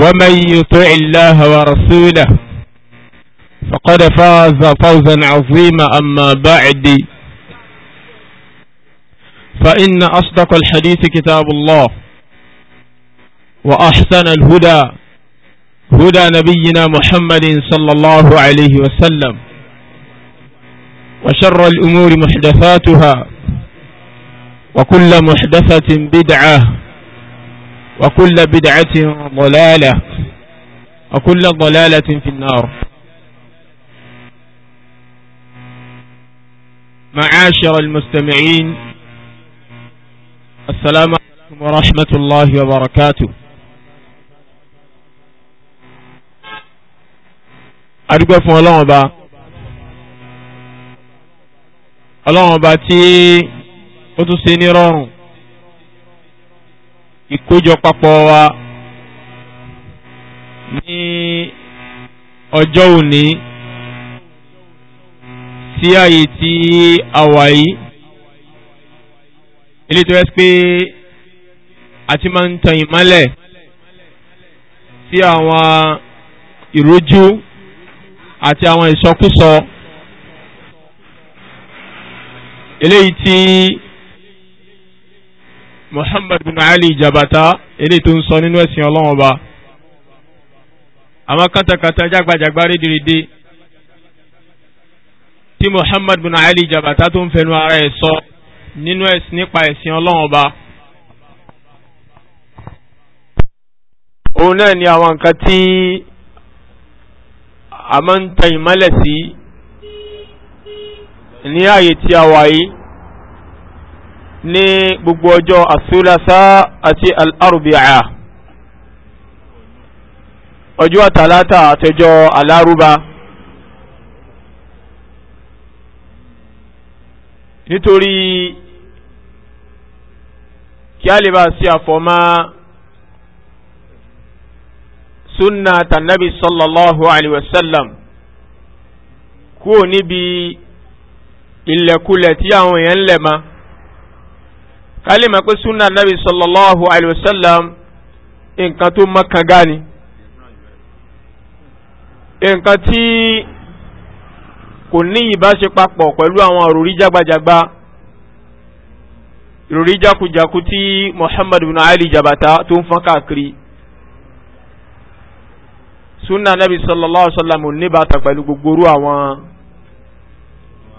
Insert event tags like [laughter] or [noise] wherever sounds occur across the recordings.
ومن يطع الله ورسوله فقد فاز فوزا عظيما أما بعد فإن أصدق الحديث كتاب الله وأحسن الهدى هدى نبينا محمد صلى الله عليه وسلم وشر الأمور محدثاتها وكل محدثة بدعة وكل بدعة ضلالة وكل ضلالة في النار معاشر المستمعين السلام عليكم ورحمة الله وبركاته adúgbò fún ọlọ́run ọba ọlọ́run ọba tí ó tún ìkójọpapọ̀ wa ní ọjọ́ òní sí ààyè tí a wà yìí ilé tó yẹ pé a ti máa ń tan ìmọ́lẹ̀ sí àwọn ìrójú àti àwọn ìsọkúsọ eléyìí tí. Muhammad bin Ali Jabata eléyìí tó ń sọ nínú ẹ̀sìn ọlọ́wọ́n ba àwọn kátàkátà jágbajàgba rédèrèdè tí Muhammad bin Ali Jabata tó ń fẹnu ara ẹ̀ sọ nínú ẹ̀sìn nípa ẹ̀sìn ọlọ́wọ́n ba. òun náà ni àwọn nǹkan tí a máa ń tan ìmọ́lẹ̀ sí ní ààyè tí a wà yìí ní gbogbo ọjọ́ àsúlásá àti alárùbíà ọjọ́ àtàlátà àtẹjọ́ alárúbá nítorí kí a lè bá sí àfọ́má sunna tànàbí sallallahu alaihi wasallam kúrò níbi ilẹ̀kulẹ̀ tí àwọn èèyàn lẹ̀ máa kálí ma pé sunna nabi sallallahu alayhi wa sallam nǹkan tó makan gani nǹkan tí kò ní ìbáṣe papọ̀ pẹ̀lú àwọn òrùrí jágbajàgba ìròrí jákujàku tí muhammadu bin ali jabata tó ń fọ́n káàkiri sunna nabi sallallahu alayhi wa sallam ní bàtà pẹ̀lú gbogbo orú àwọn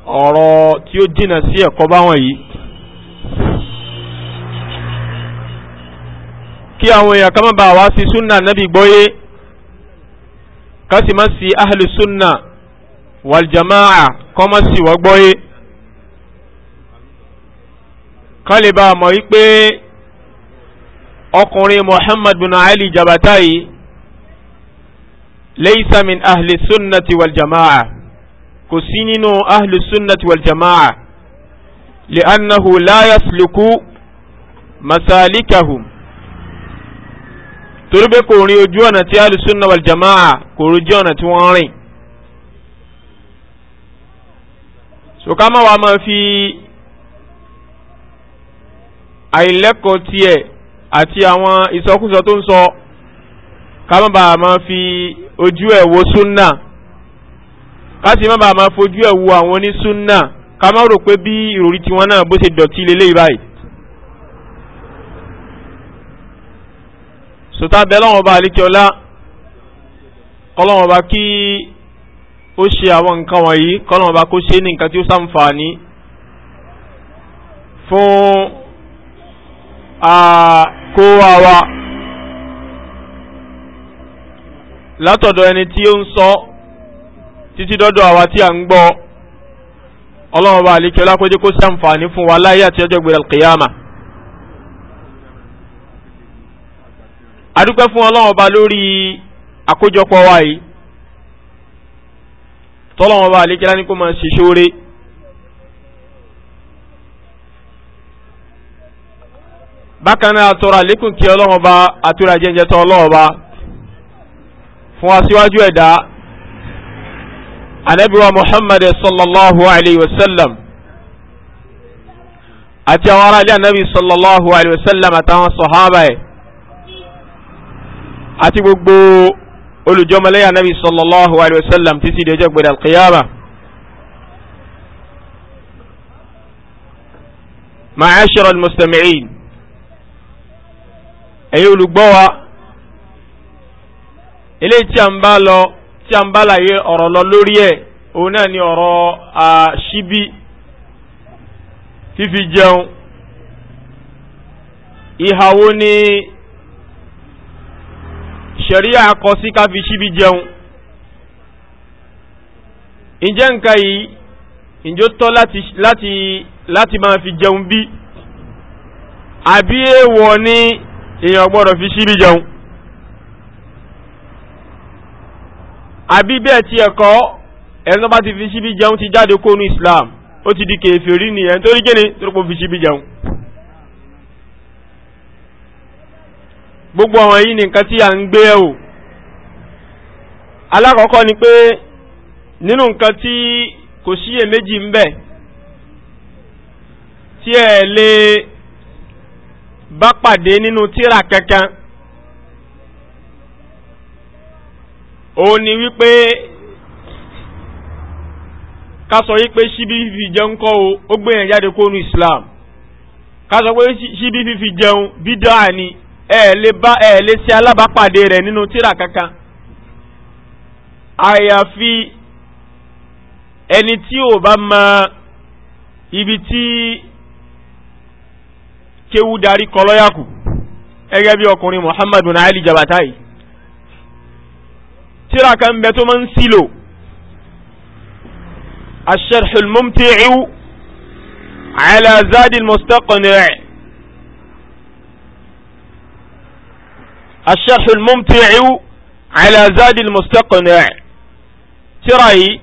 ọ̀rọ̀ tí ó dínà sí ẹ̀kọ́ báwọn yìí. kí àwọn èèyàn kan má bàa wá sí súnà nábì gbọ́yé ká sì má sí ahlu súnà wàljamaa kọ́ má sì wọ́n gbọ́yé ká lè bá a mọ̀ wípé ọkùnrin Muhammad bin Ali Jabata yìí laysa min ahli sunnati wàljamaa kò sí nínú ahli sunnati wàljamaa li'annahu la yasluku masalikahum torí pé kò rin ojú ọ̀nà tí alùsùnà wal jamaa kò rin ojú ọ̀nà tí wọ́n rìn. sùkámà wa máa fi àìlẹ́kọ̀ọ́ tiẹ̀ àti àwọn ìsọkúsọ tó ń sọ kámá bàa máa fi ojú ẹ̀ wo súnà káti má bàa máa fojú ẹ̀ wo àwọn onísúnà kámá rò pé bí ìròrí tiwọn náà bó ṣe dọ̀tí lélẹ́yìí báyìí. sọta bẹ lọ́wọ́ bá alikẹ́ọ́lá kọ́lọ́wọ́ bá kí ó ṣe àwọn nǹkan wọ̀nyí kọ́lọ́wọ́ bá kó ṣe ní nǹkan tí ó sàǹfààní fún àkóhà wa látọ̀dọ̀ ẹni tí ó ń sọ títí dọ́dọ̀ àwa tí a ń gbọ́ ọlọ́wọ́ bá alikẹ́ọ́lá kó jẹ́ kó sàǹfààní fún wa láyé àti ọjọ́ gbèrè alkiyama. adúpẹ́ fún ọlọ́run ọba lórí àkójọpọ̀ wa yìí tọ́lọ́run ọba àlékẹ́lá ní kó máa ṣe ṣóore bákan náà àtọ́rọ̀ àlékún kí ọlọ́run ọba àtúrà jẹ́jẹ́ tọ́ ọlọ́run ọba fún wa síwájú ẹ̀dá anabiwa muhammad sallallahu alayhi wa sallam àti àwọn aráàlú anabi sallallahu alayhi wa sallam àtàwọn sọ̀hábà ẹ̀ àti gbogbo olùjọmọlẹ́yà nabi sallallahu alayhi wa sallam títí di ọjọ́ gbẹdẹ alqiyama. ma'ashara almustami'in ẹ̀yin olùgbọ́ wa eléyìí tí a ń bá lọ tí a ń bá láyé ọ̀rọ̀ lọ lórí ẹ̀ òun náà ni ọ̀rọ̀ àṣíbí fífi jẹun ìhàwó ni ṣẹ̀ríà kọ sí ká fi ṣíbi jẹun ǹjẹ́ nǹkan yìí ǹjọ́ tọ́ láti láti láti máa fi jẹun bí àbí èèwọ̀ ni èèyàn gbọ́dọ̀ fi ṣíbi jẹun àbí bẹ́ẹ̀ tí ẹ̀kọ́ ẹni bá ti fi ṣíbi jẹun ti jáde kónú Islam ó ti di kèfèrí nìyẹn torí kíni tó rúpọ̀ fi ṣíbi jẹun gbogbo àwọn yìí ni nǹkan tí a ń gbé ẹ̀wò alákọ̀ọ́kọ́ ni pé nínú nǹkan tí kò síyè méjì ń bẹ tí ẹ lè bá pàdé nínú tírà kankan òun ni wípé ká sọ wípé ṣíbí fífi jẹun kọ́ o ó gbé yẹn jáde kó nu Islam ká sọ pé ṣíbí fífi jẹun bídà ni ẹ lè bá ẹ lè ṣe alábàápàdé rẹ̀ nínú tírà kankan àyàfi ẹni tí ò bá mọ ibi tí kéwú darí kọlọ́yàkù ẹgẹ́ bí ọkùnrin Muhammadu bin Ali Jabatai tírà kan bẹ tó máa ń sílò الشرح الممتع على زاد المستقنع الشرح الممتع على زاد المستقنع تراي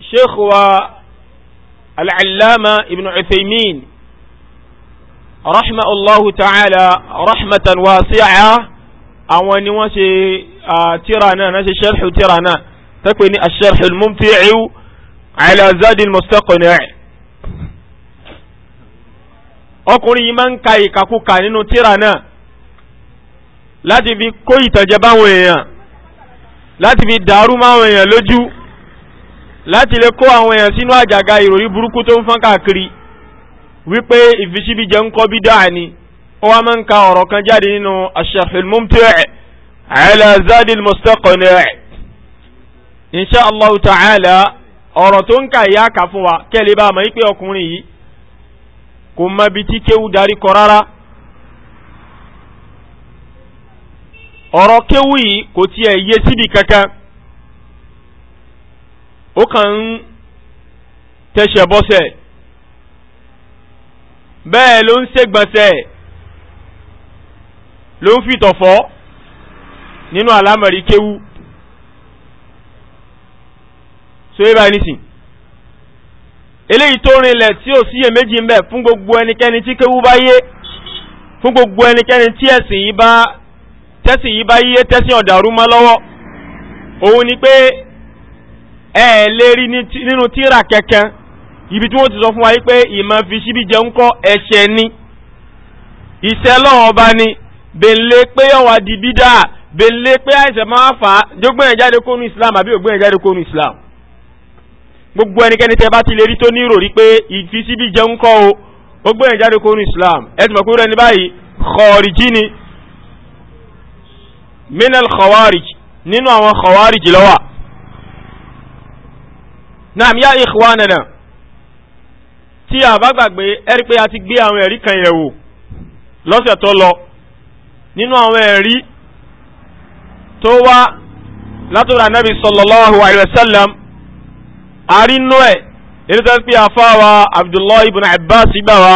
الشيخ آه، العلامة ابن عثيمين رحمة الله تعالى رحمة واسعة أولي واش آه، ترانا ناسي شرح ترانا تكويني الشرح الممتع على زاد المستقنع ọkùnrin yìí máa ń ka ìkàkùkà nínú tíra náà láti fi kó ìtànjẹ báwọn èèyàn láti fi dàrú máwọn èèyàn lójú láti lè kó àwọn èèyàn sínú àjàgà ìròrí burúkú tó ń fọ́n káàkiri wípé ìfisíbíjẹ ń kọ́ bídà ni ó wá máa ń ka ọ̀rọ̀ kan jáde nínú ash-sharhul mumti' ala zadil mustaqni' ọ̀rọ̀ tó ń ka ìyá kà fún wa kẹ́lẹ́ bá a mọ̀ wípé ọkùnrin yìí kò mọ ibi tí kéwú darí kọ rárá ọ̀rọ̀ kéwú yìí kò tiẹ̀ yé síbi kankan ó kàn ń tẹ̀sẹ̀ bọ́sẹ̀ bẹ́ẹ̀ ló ń ṣègbọ̀nsẹ̀ ló ń fìtọ̀fọ́ nínú àlámọ̀rí kéwú so yé báyìí nísìnyí eléyìí tó rinlẹ̀ tí ò síyèméjì ń bẹ fún gbogbo ẹnikẹ́ni tí kéwú bá yé fún gbogbo ẹnikẹ́ni tí ẹ̀sìn yìí bá tẹ́sìn yìí bá yíyé tẹ́sìn ọ̀dàrú mọ́ lọ́wọ́ òun ni pé ẹ lè rí nínú tíra kẹ̀kẹ́ ibi tí wọ́n ti sọ fún wa yí pé ìmọ̀ fi síbi jẹun kọ́ ẹ̀ṣẹ̀ ni iṣẹ́ lọ́wọ́ ọba ni bèlè pé ọ̀wà di bídà bèlè pé àìsàn máa fà á jógbẹ́yìn jáde kónú Islam àbí ògbẹ́yìn jáde kónú Islam gbogbo ẹnikẹ́ni tẹ́ bá ti lè rí tó ní ìròrí pé ìfisíbí jẹun kọ́ o ó gbé yẹn jáde kóró islam ẹ̀dùnmọ̀ kúrò ẹni báyìí kọ̀ọ̀rìjì ni minal khawarij nínú àwọn khawarij lọ́wà naam ya ikhwanana tí a bá gbàgbé ẹ̀rí pé a ti gbé àwọn ẹ̀rí kan yẹ̀ wò lọ́sẹ̀ tó lọ nínú àwọn ẹ̀rí tó wá látọ̀dọ̀ Ànábì sallallahu alaihi wasallam àrínú ẹ̀ eréjọ́ pé afáwa abdullahi ibn abbas gbà wá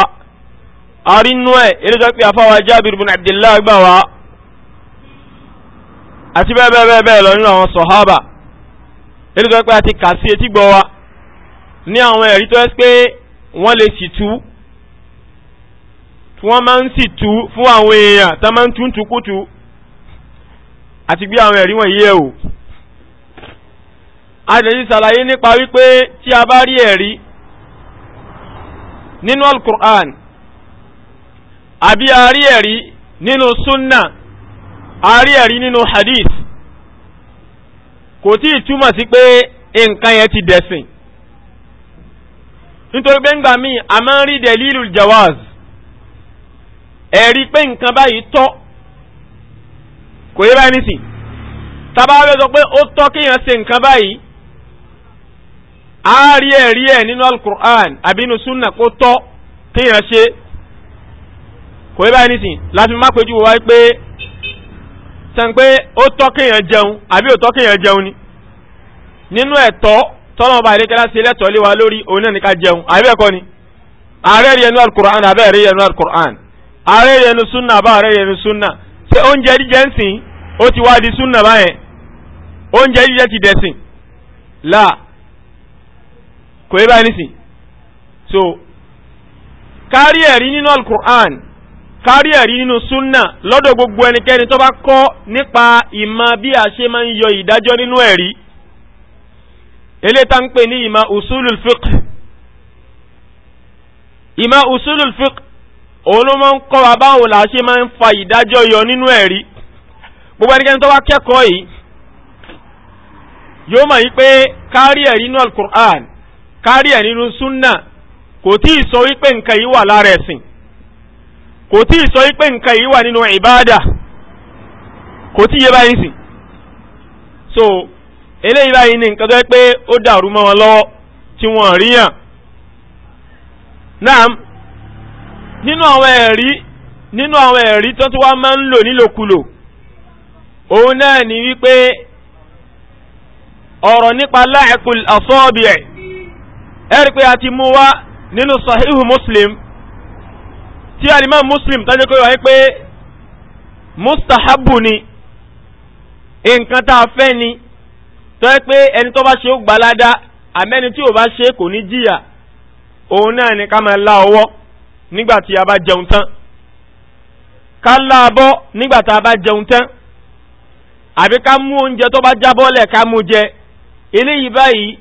àrínú ẹ̀ eréjọ́ pé afáwa jabir ibn abdullahi gbà wá àti bẹ́ẹ̀ bẹ́ẹ̀ bẹ́ẹ̀ bẹ́ẹ̀ lọ nínú àwọn sọ̀hábà eréjọ́ pé a ti kà sí etí gbọ́ wa ní àwọn ẹ̀rí tó ẹ́ pé wọ́n lè sì tú tí wọ́n máa ń sì tú fún àwọn èèyàn tó máa ń túntúkútú àti gbé àwọn ẹ̀rí wọ̀nyí yẹ̀ o àdèyí ṣàlàyé nípa wípé tí a bá rí ẹ̀rí nínú alukur'an àbí a rí ẹ̀rí nínú sunna a rí ẹ̀rí nínú hadith kò tí ì túmọ̀ sí pé nǹkan yẹn ti dẹ̀sìn nítorí pé ńgbà míì a máa ń rí delilu jawaz ẹ̀rí pé nǹkan báyìí tọ́ kò yẹ báyìí nísìn tá sọ pé ó tọ́ kéèyàn ṣe nǹkan báyìí a rí ẹ̀rí ẹ̀ nínú alukur'an àbínú sunna kó tọ́ kéèyàn ṣe kò yẹ báyìí nísìn láti má péjú wá pé sàn pé ó tọ́ kéèyàn jẹun àbí ó tọ́ kéèyàn jẹun ni nínú ẹ̀tọ́ tọ́lọ́mọ bá ìdíkẹ́lá sí ẹlẹ́tọ̀ọ́ lé wa lórí òun náà ní ká jẹun àbí ẹ̀kọ́ ni ààrẹ rí ẹnu alukur'an àbẹ́ ẹ̀rí ẹnu alukur'an ààrẹ rí ẹnu sunna àbá ààrẹ rí ẹnu sunna ṣé oúnjẹ jíjẹ ń sìn ó ti wá di sunna báyẹn oúnjẹ jíjẹ ti dẹ̀sìn láà kò yẹ báyìí nísìn so kárí ẹ̀rí nínú alukur'an kárí ẹ̀rí nínú sunna lọ́dọ̀ gbogbo ẹnikẹ́ni tó bá kọ́ nípa ìmọ̀ bí a ṣe máa ń yọ ìdájọ́ nínú ẹ̀rí eléta ń pè ní ìmọ̀ usulul fiqh ìmọ̀ usulul fiqh òun ń kọ́ wa báwo la ṣe máa ń fa ìdájọ́ yọ nínú ẹ̀rí gbogbo ẹnikẹ́ni tó bá kẹ́kọ̀ọ́ yìí yóò mọ̀ yí pé kárí ẹ̀rí nínú alukur'an kárí ẹ̀ nínú súnà kò tí ì sọ wípé nǹkan yìí wà lára ẹ̀sìn kò tí ì sọ wípé nǹkan yìí wà nínú ìbáàdà kò tí yé báyìí sìn so eléyìí báyìí ní nǹkan tó yẹ pé ó dàrú mọ́ wọn lọ́wọ́ tí wọ́n ríyàn náà nínú àwọn ẹ̀rí nínú àwọn ẹ̀rí tó tí wọ́n máa ń lò nílòkulò òun náà ni wípé ọ̀rọ̀ nípa láìkùl àsọ́ọ̀bì ẹ̀ ẹ̀rí pé a ti mú wá nínú sahihu muslim tí alimam muslim tọ́jú pé wáyé pé mustahabu ni nǹkan tá a fẹ́ ni tọ́ pé ẹni tó bá ṣe ó gbalada àmẹ́ni tí ò bá ṣe kò ní jìyà òun náà ni ká máa lá ọwọ́ nígbà tí a bá jẹun tán ká láàbọ̀ nígbà tá a bá jẹun tán àbí ká mú oúnjẹ tó bá jábọ́lẹ̀ ká mú jẹ eléyìí báyìí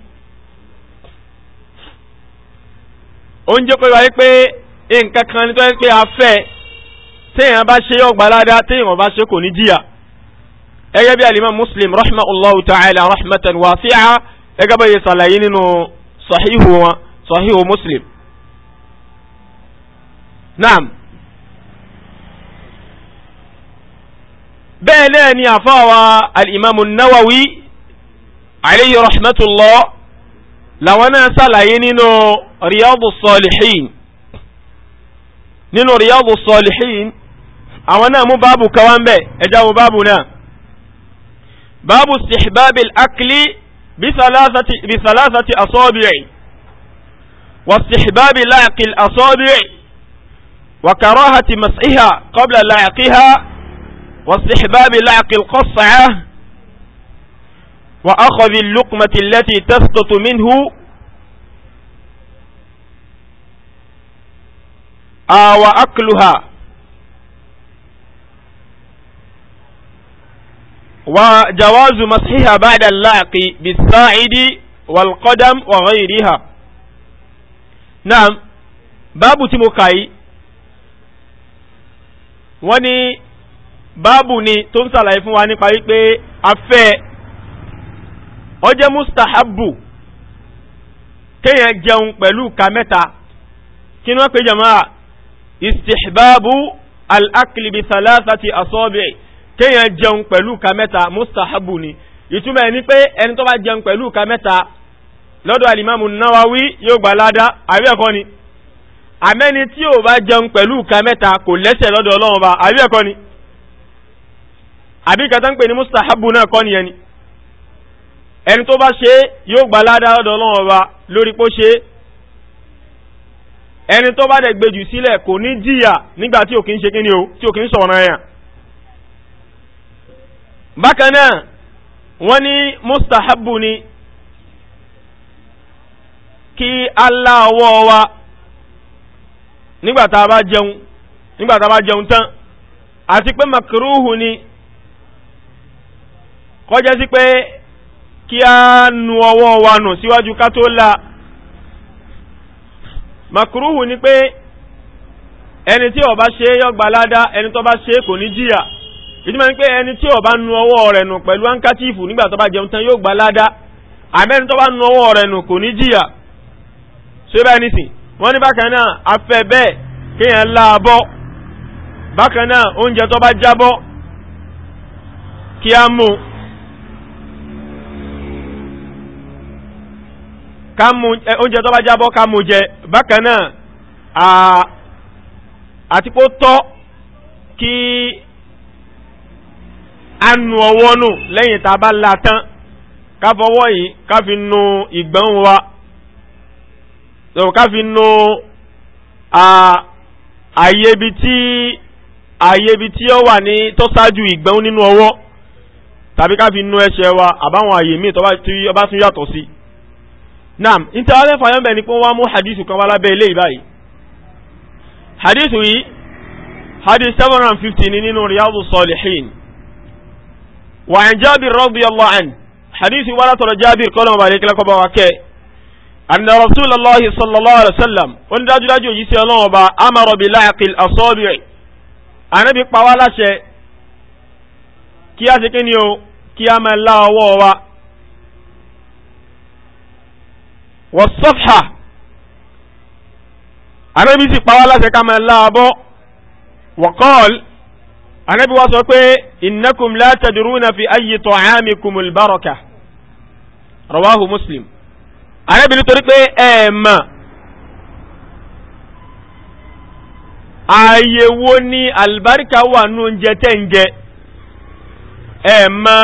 oúnjẹ pé wáyé pé nǹkan kan ní tó yẹ pé a fẹ́ téèyàn bá ṣe ọgbà ládàá téèyàn bá ṣe kò ní jìyà ẹgẹ́ bí alimam muslim rahmatulahu ta'ala rahmatan wasi'a ẹgẹ́ bá yẹ sàlàyé nínú sahihu wọn sahihu muslim. naam bẹ́ẹ̀ náà ni àfáwa alimami nawawi alayhi rahmatulah làwọn náà sàlàyé nínú. No رياض الصالحين نينو رياض الصالحين او انا مو بابو كوان بي اجاو بابونا باب استحباب الاكل بثلاثة, بثلاثة اصابع واستحباب لعق الاصابع وكراهة مسعها قبل لعقها واستحباب لعق القصعة وأخذ اللقمة التي تسقط منه àwà akluha wa jawazu masiha ba'da al-laqi bis-sa'idi wal-qadam wa ghayriha naam báàbù tí mo kà yìí wọ́n ní báàbù ni tó ń sàlàyé fún wa nípa wípé afẹ́ ó mustahabu kéèyàn jẹun pẹ̀lú ka mẹ́ta kí ni wọ́n pè jàmáà istihbabu al'akli bi thalathati asọ́bẹ̀ kéèyàn jẹun pẹ̀lú ka mẹ́ta mustahabu ni ìtumọ̀ ẹni pé ẹni tó bá jẹun pẹ̀lú ka mẹ́ta lọ́dọ̀ alimamu nawawi yóò gbà ládá àbí ẹ̀kọ́ ni àmẹ́ni tí ò bá jẹun pẹ̀lú ka mẹ́ta kò lẹ́sẹ̀ lọ́dọ̀ ọlọ́run ba àbí ẹ̀kọ́ ni àbí kàtà ń pè ní mustahabu náà kọ́ ni ẹni tó bá ṣe yóò gbà ládá lọ́dọ̀ ọlọ́run ba lórí pó ṣe ẹni tó bá dẹ̀ gbèjù sílẹ̀ kò ní jìyà nígbà tí ò ń ṣe kíni o tí ò kí ń sọ̀rọ̀ yàn. bákan náà wọ́n ní mustahabu ni kí aláwọ̀ wa nígbà tá a bá jẹun nígbà tá a bá jẹun tán àti pé ni kọjá sí pé kí a nu ọwọ́ wa nù síwájú ká tó la. makuruhu ni pé ẹni tí ó bá ṣe yó gba ládá ẹni tó bá ṣe kò ní jìyà ìtumọ̀ ni pé ẹni tí ó bá nu ọwọ́ rẹ̀ nù pẹ̀lú ankachifu nígbà tó bá jẹun tán yóò gba ládá àmẹ́ni tó bá nu ọwọ́ rẹ̀ nù kò ní jìyà ṣé bá ẹni sìn wọ́n ní bákan náà afẹ́ bẹ́ẹ̀ kéèyàn láàbọ̀ bákan náà oúnjẹ tó bá jábọ́ kí á mú un oúnjẹ tó bá jábọ́ ká mú jẹ bákan náà àti pé ó tọ́ kí a nu ọwọ́ nù lẹ́yìn tá a bá la tán ká fọwọ́ yìí ká fi nu ìgbọ́n wa ká fi nu àyè ibi tí ààyè ibi tí ó wà ní tó ṣáájú ìgbẹ́hún nínú ọwọ́ tàbí ká fi nu ẹsẹ̀ wa àbáwọn ààyè míì tó bá tún yàtọ̀ sí naam nta wá fàyọ́ bẹ̀ ni pé wọ́n mú hadithu kan wá lábẹ́ ilé ìbáyìí hadithu yìí hadith seven hundred and fifty ni nínú riyadu salihin wa an jabir radiyallahu an hadithu wá látọ̀rọ̀ jabir kọ́lọ̀ mọ̀ bàlẹ́ kílákọ́ bá wa kẹ́ anna rasulallah sallallahu alaihi wa sallam ó ní dájúdájú òyìí sí ọlọ́wọ́n ba amara bi laaqil asọ́bìrì anabi pa kí a ṣe kí ni o kí a máa lá ọwọ́ wa wọ́n sọ́fà anábì sì pa wá láṣẹ ká máa láàbọ̀ wọ́kọ́ọ̀lù anabi wa sọ pé innakum la tadruna fi ayyi ta'amikum albaraka rawahu muslim anabi nítorí pé ẹ mà àyèwò ni albarika wà nù oúnjẹ tẹ̀ ń jẹ ẹ mà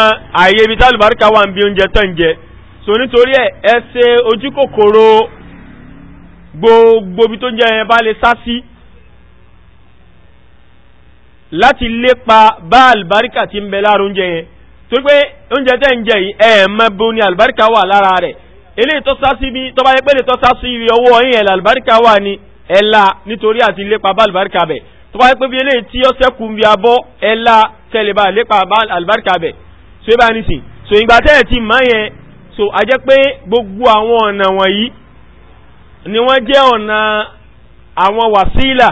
àyèbí tá albarika wà ń bí oúnjẹ tẹ̀ ń jẹ so nítorí ẹ ẹ ṣe ojú kòkòrò gbogbo ibi tó ń jẹ yẹn bá lè sá sí láti lépa bá àlùbáríkà tí ń bẹ lára oúnjẹ yẹn tó pé oúnjẹ tẹ́ ń jẹ yìí ẹ mọ bo ni àlùbáríkà wà lára rẹ̀ eléyìí tó sá sí bí tó bá yẹ pé lè tó sá sí ibi ọwọ́ yín ẹ̀ làlùbáríkà wà ní ẹ̀ la nítorí àti lépa bá àlùbáríkà bẹ̀ tó bá yẹ pé bí eléyìí tí ọ̀sẹ̀ kù ń bi abọ́ ẹ̀ la tẹ̀lé bá lépa bá àlùbáríkà bẹ̀ so ibà nísìn so ìgbà tẹ́ ẹ̀ ti mọ̀ yẹn so a jẹ́ pé gbogbo àwọn ọ̀nà wọ̀nyí ni wọ́n jẹ́ ọ̀nà àwọn wàsílà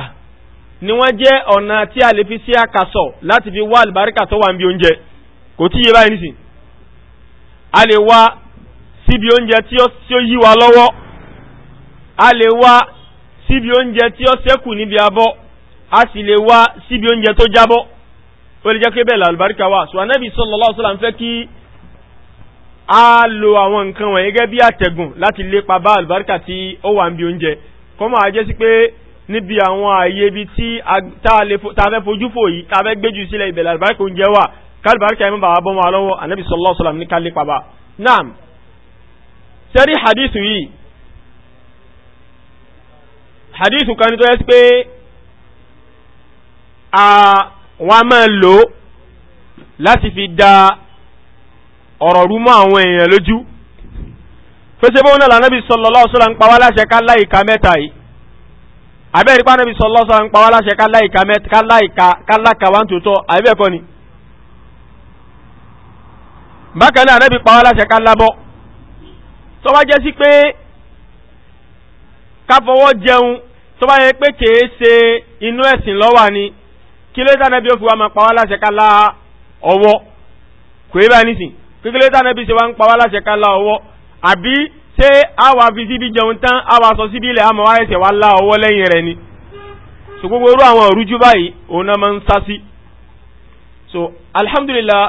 ni wọ́n jẹ́ ọ̀nà tí a lè fi sí àkàsọ̀ láti fi wá àlùbáríkà tó wà níbi oúnjẹ kò tí yé báyìí nísìn a lè wá síbi oúnjẹ tí ó yí wa lọ́wọ́ a lè wá síbi oúnjẹ tí ó sẹ́kù níbi abọ́ a sì lè wá síbi oúnjẹ tó jábọ́ ó lè jẹ́ pé bẹ́ẹ̀ làlùbáríkà wà so anábì sallallahu alaihi wasallam ń fẹ́ kí a lo àwọn nǹkan wọ̀nyí gẹ́gẹ́ bí àtẹ̀gùn láti lépa bá àlùbáríkà tí ó wà ń bi oúnjẹ kọ́mọ̀ àjẹ́ sí pé níbi àwọn ààyè ibi tí ta fẹ́ fojú fò yìí ta fẹ́ gbéjú sílẹ̀ ìbẹ̀lẹ̀ àlùbáríkà oúnjẹ wà kálùbáríkà yìí bàbá bọ́ wọn lọ́wọ́ ànábì sọlọ́ sọlọ́ ní kálí pàbà naam sẹ́rí hadith yìí hadith kan tó yẹ sí pé wọ́n máa lò láti fi da ọ̀rọ̀ rú mọ́ àwọn èèyàn lójú fẹsẹ̀ bóun náà lànàbí sallallahu alaihi wasallam ń pa wá láṣẹ ká lá ìka mẹ́ta yìí abẹ́rẹ́ pa nàbí sallallahu alaihi wasallam ń pa wá láṣẹ ká lá ìka mẹ́ta ká lá ìka ká lá kàwá ń tòótọ́ àbẹ́bẹ́ kọ́ ni. bákan náà nàbí pa láṣẹ ká lábọ́ tó jẹ́ sí pé ká fọwọ́ jẹun tó yẹ pé kèé ṣe inú ẹ̀sìn lọ́wà ni kí ló sànàbí ó fi wá máa pa láṣẹ ká lá ọwọ́ kò é bá nísìn kíkílé tánàbí ṣe wá ń pa wá láṣẹ ká lá ọwọ́ àbí ṣé àwa fi síbi jẹun tán àwa sọ síbi ilẹ̀ àmọ́ wá wá lá lẹ́yìn rẹ̀ ni so gbogbo orú àwọn òrújú báyìí òun náà máa ń sá sí so alhamdulillah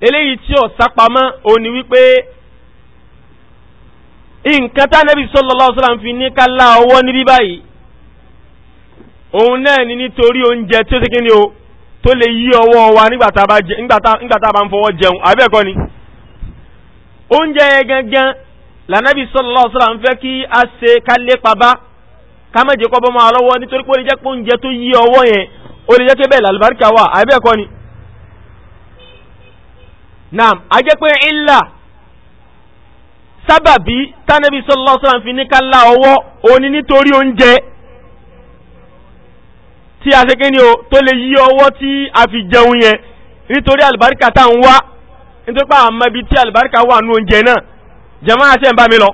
eléyìí tí ó sápamọ́ òun ni wípé nǹkan tánàbí sallallahu alaihi wasallam fi ní ká lá níbí báyìí òun náà ni nítorí oúnjẹ tí ó tó lè yí ọwọ́ wa nígbàtà bá ń fọwọ́ jẹun àbẹ́ẹ̀kọ́ ni oúnjẹ yẹn gangan lànàbí sallallahu ń fẹ́ kí a ṣe ká lépa bá ká má jẹ́ nítorí pé ó lè jẹ́ pé oúnjẹ tó yí ọwọ́ yẹn ó lè jẹ́ pé bẹ́ẹ̀ làlùbáríkà wà àbẹ́ẹ̀kọ́ ni a jẹ́ pé sábàbí tánàbí ń fi ní ká lá ọwọ́ òní nítorí oúnjẹ tí a ṣe kí ni o tó lè yí ọwọ́ tí a fi jẹun yẹn nítorí àlùbáríkà tá à ń wá nítorí pé àmọ́ tí àlùbáríkà wà nú oúnjẹ náà jẹ̀mọ́ àṣẹ ń mi lọ.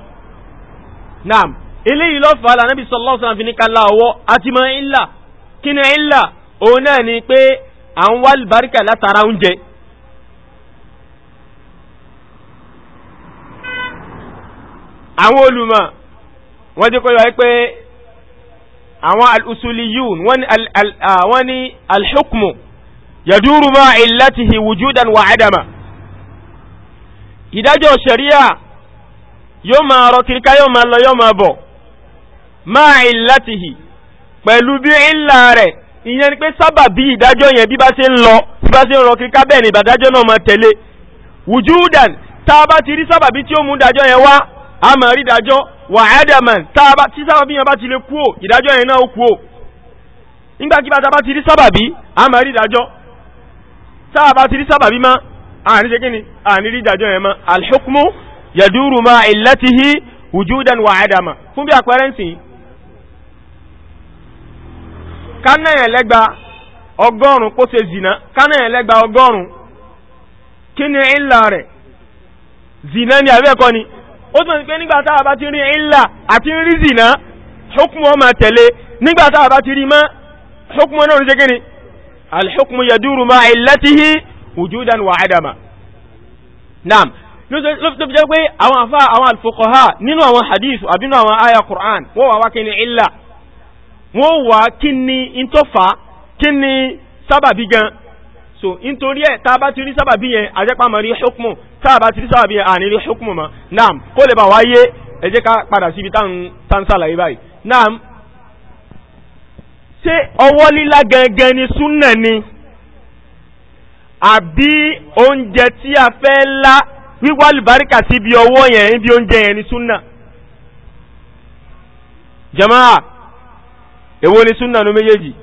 naam eléyìí ló la Nábì sallallahu alaihi wasallam fi ní ká la ọwọ́ àti mọ ìlà kí ni ìlà òun náà ni pé à ń wá àlùbáríkà látara oúnjẹ. àwọn olùmọ̀ wọ́n ti kọ́ yọ pé àwọn al'usuliyun wọ́n ni ah, alhukmu ya dúró bá ìlàtìhì wujudan wa adama ìdájọ́ shari'a yóò ma rọ kíríká yóò ma lọ yóò ma bọ̀ máa ìlàtìhì pẹ̀lú bí ìlà rẹ̀ ìyẹn ni pé sábà bí ìdájọ́ yẹn bí bá ṣe ń lọ bí bá ṣe ń rọ kíríká bẹ́ẹ̀ ni ìbàdájọ́ náà ma tẹ̀lé wujudan tá a bá ti rí sábà bí tí ó mú ìdájọ́ yẹn wá a ma rí ìdájọ́ wà ẹ́dẹ̀mẹ̀ tí sábàbí yẹn bá ti lè kú ò ìdájọ́ yẹn náà ó kú ò nígbàkígbà tá a bá ti rí sábàbí a máa rí ìdájọ́ tá a bá ti rí sábàbí mọ́ àní ṣe kíni àní rí ìdájọ́ yẹn mọ́ alhukmu yaduru ma illatihi wujudan wà ẹ́dẹ̀mẹ̀ fún bí àpẹẹrẹ zina kánáyàn lẹ́gba ọgọ́rùn kí ni ìlà zina ni àbí ẹ̀kọ́ ni ó tún ti pé nígbà tá a bá ti rí ìlà àti rí zìnà hukumu ó máa tẹ̀lé nígbà tá a bá ti rí mọ́ hukumu náà ní ṣekínì alhukumu yaduru ma illatihi wujudan wa adama naam ló fi jẹ́ pé àwọn afá àwọn alfuqaha nínú àwọn kí ni sábàbí gan so nítorí ẹ̀ tá a bá ti rí sábàbí yẹn àjẹpá mọ̀ rí hukmu tá a bá ti rí sábàbí yẹn àní rí hukmu mọ̀ naam kó lè bá wáyé ẹ jẹ́ ká padà síbi táwọn sàlàyé báyìí naam ṣé ọwọ́ lílá gangan ni súnà ni àbí oúnjẹ tí a fẹ́ lá wíwá lùbáríkà sí ibi ọwọ́ yẹn ibi oúnjẹ yẹn ni súnà jamaa èwo ni súnà nu méjèèjì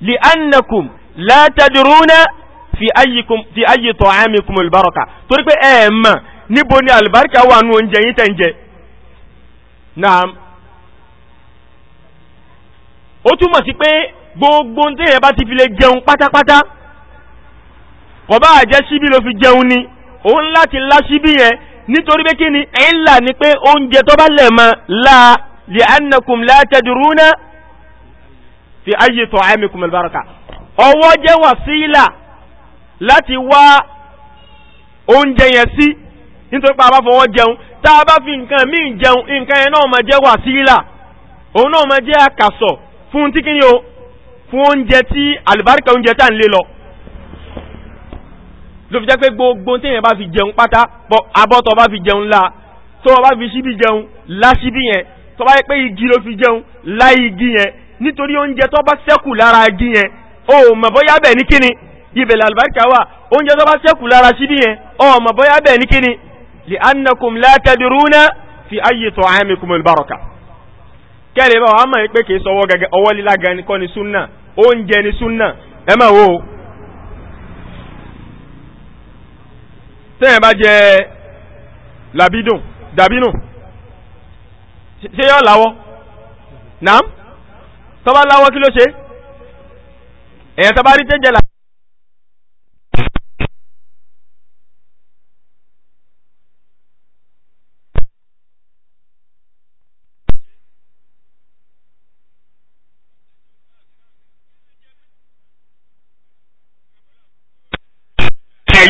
لأنكم لا تدرون في أيكم في أي طعامكم البركة torí pé نبني البركة níbo تنجي نعم wà nù oúnjẹ yín tẹ̀ ń jẹ naam ó túmọ̀ sí pé gbogbo ń tẹ̀yẹ bá ti fi lè jẹun pátápátá kò bá jẹ́ síbí ló fi jẹun ni òun láti lá síbí yẹn nítorí pé kí ni ẹ̀ là ní pé oúnjẹ tó bá lẹ̀ mọ́ la li'annakum la tadruna fi ayé tọ́ àmìkùn mẹ́lbáraka ọwọ́ jẹ́ wàsílà láti wá oúnjẹ yẹn sí nítorí pé a bá fọwọ́ jẹun tá a bá fi nǹkan míì jẹun nǹkan yẹn náà máa jẹ́ wàsílà òun náà máa jẹ́ àkàsọ̀ fún tí kíni o fún oúnjẹ tí àlùbáríkà oúnjẹ tá ń lé lọ ló fi jẹ́ pé gbogbo bá fi jẹun pátá bọ́ abọ́tọ̀ bá fi jẹun la tó o bá fi síbi jẹun lá síbi yẹn tó bá yẹ pé igi ló fi jẹun lá igi yẹn nítorí oúnjẹ tó bá sẹ́kù lára igi yẹn o mọ̀ bóyá bẹ̀ ní kíni ibẹ̀ làlùbáríkà wà oúnjẹ tó bá sẹ́kù lára síbí yẹn o mọ̀ bóyá bẹ̀ ní kíni li annakum la tadruna fi ayyi ta'amikum al-baraka kẹ́lẹ̀ bá wà mọ̀ pé kìí sọwọ́ gẹ́gẹ́ ọwọ́ lílá gan kọ́ ni súnà oúnjẹ ni súnà ẹ mọ̀ wo tẹ́yìn bá jẹ làbídùn dàbínù ṣé yọ làwọ́ nàám tọ́ba láwọ́ kí ló ṣe èèyàn tọ́ba rí tẹ́jẹ̀ là.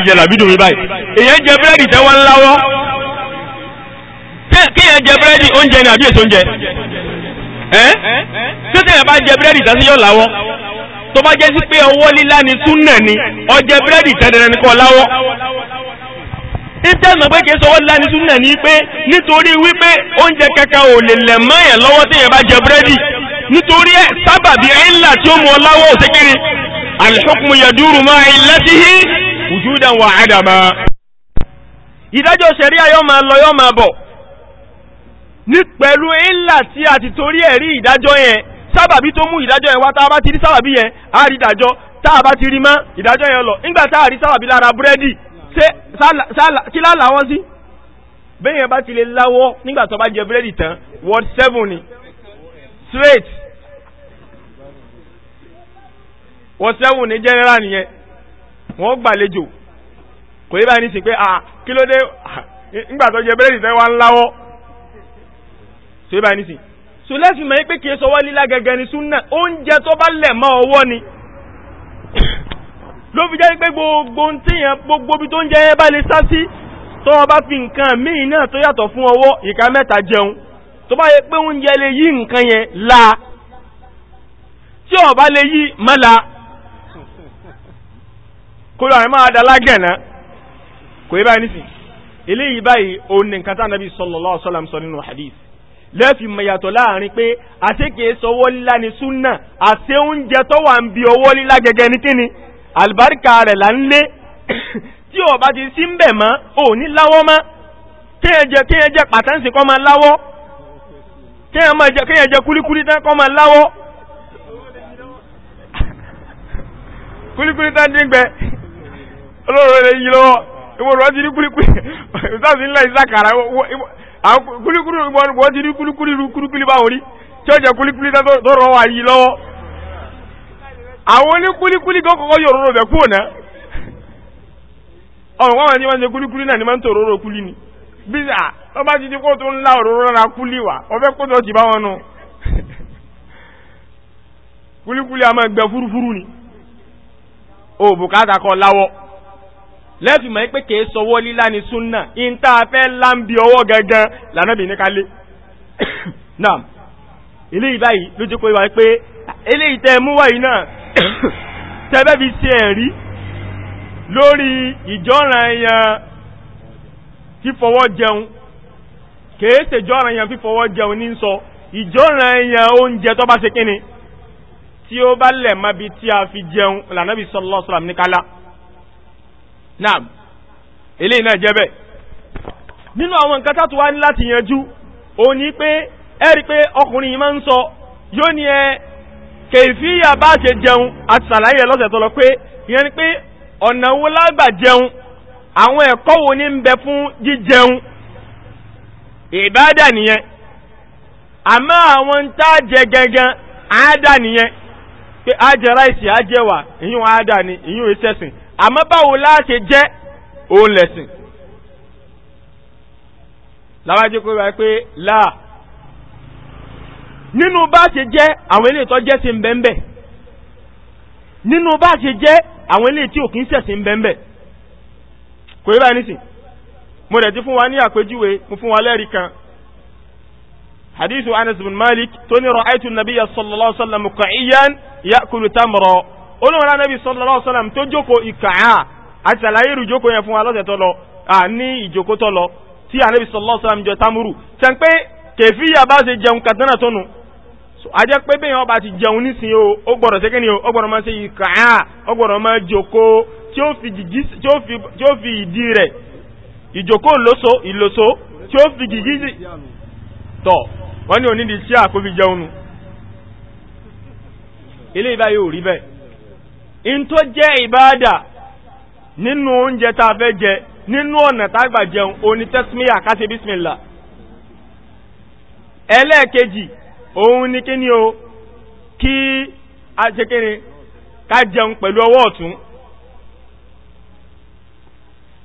jẹ làbídùn mi báyìí èyàn jẹ búrẹ́dì tẹ́wọ́ ńláwọ́ kéèyàn jẹ búrẹ́dì oúnjẹ ni àbí èso oúnjẹ ẹ́ tí ó tẹ̀yàn bá jẹ búrẹ́dì ìtàsí yóò láwọ́ tó bá jẹ́ sí pé ọwọ́ lílá ni súnà ni ọjẹ búrẹ́dì ìtàdẹ̀rẹ̀ ni kò láwọ́ ìtẹ́sán pé kìí sọwọ́ lílá ni súnà ni pé nítorí wípé oúnjẹ kẹkẹ ò lè lẹ̀ mọ́yàn lọ́wọ́ tẹ̀yàn bá jẹ búrẹ́dì nítorí ẹ̀ sábàbí ẹ̀ńlá tí ó mú ọ láwọ́ òsèkiri alḥukmu yaduru ma ilatihi wujudan wa adama ìdájọ́ ṣẹ̀ríà yóò máa lọ yóò máa bọ̀ ní pẹ̀lú ìlà tí a ti torí ẹ̀rí ìdájọ́ yẹn sábàbí tó mú ìdájọ́ yẹn wá tá a bá ti rí sábàbí yẹn a rí ìdájọ́ tá a bá ti rí mọ́ ìdájọ́ yẹn lọ nígbà tá a rí sábàbí lára búrẹ́dì kí láláwọ́ sí bẹ́ẹ̀ yẹn bá ti lè láwọ́ nígbà tó bá jẹ búrẹ́dì tán word seven ni straight word seven ni general nìyẹn wọ́n gbàlejò kò yí báyìí ní sìn pé ah, kí ló dé ah, nígbà tó jẹ búrẹ́dì tán wá ń láwọ́ so ibà nísìn so lẹ́sì mọ̀ pé kìí sọwọ́ lílá gẹ́gẹ́ ni súnà oúnjẹ tó bá lẹ̀ mọ́ ọwọ́ ni [coughs] ló fi jẹ́ pé gbogbo ń tíyàn gbogbo bí tó ń jẹ́ bá lè sá sí tó wọ́n bá fi nǹkan míì náà tó yàtọ̀ fún ọwọ́ ìka mẹ́ta jẹun tó bá yẹ pé oúnjẹ lè yí nǹkan yẹn la tí ó bá lè yí mọ́la kó lọ rẹ̀ máa dá lágẹ̀ẹ́ná kò yẹ báyìí nísìn eléyìí báyìí òun nìkan tá nàbí sallallahu alaihi wasallam hadith lẹ́ẹ̀fì mẹ̀yàtọ̀ láàrin pé àṣekèé sọwọ́ lílá ni súnà àṣẹ oúnjẹ tó wà ń bi owó lílá gẹ́gẹ́ ní kíni àlùbáríkà rẹ̀ là ń lé [coughs] tí o bá ti sí ń bẹ̀ mọ́ ò ní láwọ́ mọ́ kéèyànjẹ kéèyànjẹ pàtàǹsì kọ́ máa láwọ́ kéèyànjẹ kúlíkúlí tán kọ́ máa láwọ́ [coughs] kúlíkúlí tán díngbẹ olóòrò rẹ̀ yìí lọ́wọ́ [coughs] àwọn kúlíkúlí wọ́n ti rí kúlíkúlí irú kúlíkúlí báwọn rí tí ó jẹ́ kúlíkúlí tó rọ wà yìí lọ́wọ́ àwọn oníkúlíkúlí kan kọ́kọ́ yóò rọrọ̀ bẹ̀ kú òná ọ̀rọ̀ wọn ni wọ́n ṣe kúlíkúlí náà ni máa ń tò rọrọ̀ kúlí ni bí à wọ́n bá ti di kó tó ńlá òróró ra kúlí wà wọ́n fẹ́ kó tó ti bá wọn nù [laughs] kúlíkúlí a máa gbẹ fúrufúru ni ó bùkátà kọ láwọ́ lẹ́fì mọ̀ pé kèé sọwọ́ lílá ni súnnà in tá a fẹ́ láńbí ọwọ́ gangan lànàbì ní kálé [coughs] náà ilé ìbáyìí ló jẹ́ pé wà pé ilé ìtẹ́ múwà yìí náà [coughs] tẹ́bẹ́ fi ṣe ẹ̀rí lórí ìjọ́ràn ẹyàn fífọwọ́ jẹun kèé ṣe jọ́ràn ẹyàn fífọwọ́ jẹun ní sọ ìjọ́ràn ẹyàn oúnjẹ tó bá ṣe kíni tí ó bá lẹ̀ mọ́bi tí a fi jẹun lànàbì sallallahu ní kálá naa eléyìí náà jẹ́ bẹ́ẹ̀ nínú àwọn nǹkan tàtù wá ní láti yanjú ó ní pé ẹ̀rí pé ọkùnrin yìí máa ń sọ yóò ní ẹ kèfíyà bá ṣe jẹun àti sàlàyé lọ́sẹ̀ tọ́lọ pé ìyẹn ni pé ọ̀nà wo lágbà jẹun àwọn ẹ̀kọ́ wo ní ń bẹ fún jíjẹun ìbádà nìyẹn àmọ́ àwọn ń a jẹ gangan àádà nìyẹn pé jẹ ráìsì àmọ́ báwo láṣe jẹ́ òun lẹ̀sìn láwájú pé wáyé pé láà nínú bá ṣe jẹ́ àwọn ilé ìtọ́ jẹ́ sí ń bẹ́ńbẹ́ nínú bá ṣe jẹ́ àwọn ilé tí òkín sẹ̀ sí ń bẹ́ńbẹ́ kò yí báyìí nísìn mo dẹ̀ ti fún wa ní àpèjúwe mo fún wa lẹ́rìí kan hadithu anas bin malik tó ní ra'aytu nabiyya sallallahu alaihi wasallam qa'iyan ya'kulu tamra olóòrán anábì sallallahu alaihi wasallam tó jókòó ìkàá àti àlàyé ìrù jókòó yẹn fún wa lọ́sẹ̀ tó lọ ní ìjókòó tó tí anábì sallallahu alaihi wasallam jọ támúrù tẹ́ pé kèfíyà bá ṣe jẹun kàtánà tónu ajẹ́ pé bẹ́yàn ọba ti jẹun nísìn o ó gbọ́dọ̀ ṣe kíni o ó gbọ́dọ̀ máa ṣe ìkàá ó gbọ́dọ̀ máa jókòó tí ó fi ìdí rẹ̀ ìjókòó lóso ìlóso tí ó fi gìgí tọ̀ wọ́n ní onídìí tí àkófi jẹun nù ilé ìbáyé ò rí bẹ́ẹ̀ in tó jẹ́ ìbáadà nínú oúnjẹ tá a fẹ́ jẹ nínú ọ̀nà tágbà jẹun oní tẹ́símíyà káṣe bísmìlá ẹlẹ́ẹ̀kejì òun ní kí ni o kí a ṣe kí ni ká jẹun pẹ̀lú ọwọ́ ọ̀tún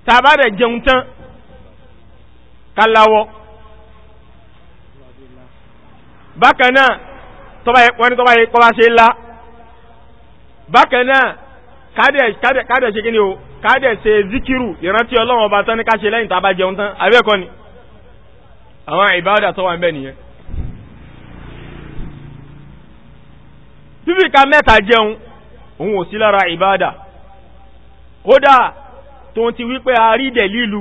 tàbádẹ̀ jẹun tán kálawọ́ bákan náà tọ́bá yẹ kọ́ bá ṣe lá bákan náà kádẹ̀ kádẹ̀ kádẹ̀ ṣe kíni o kádẹ̀ ṣe zikiru ìrántí ọlọ́run ọba tán ní ká ṣe lẹ́yìn tá a bá jẹun tán abẹ́ẹ̀kọ́ ni àwọn ìbáwọ́dà tó wà ń bẹ̀ nìyẹn. fífìka mẹ́ta jẹun òun ò sí lára ìbáadà kódà tó ti wípé a rí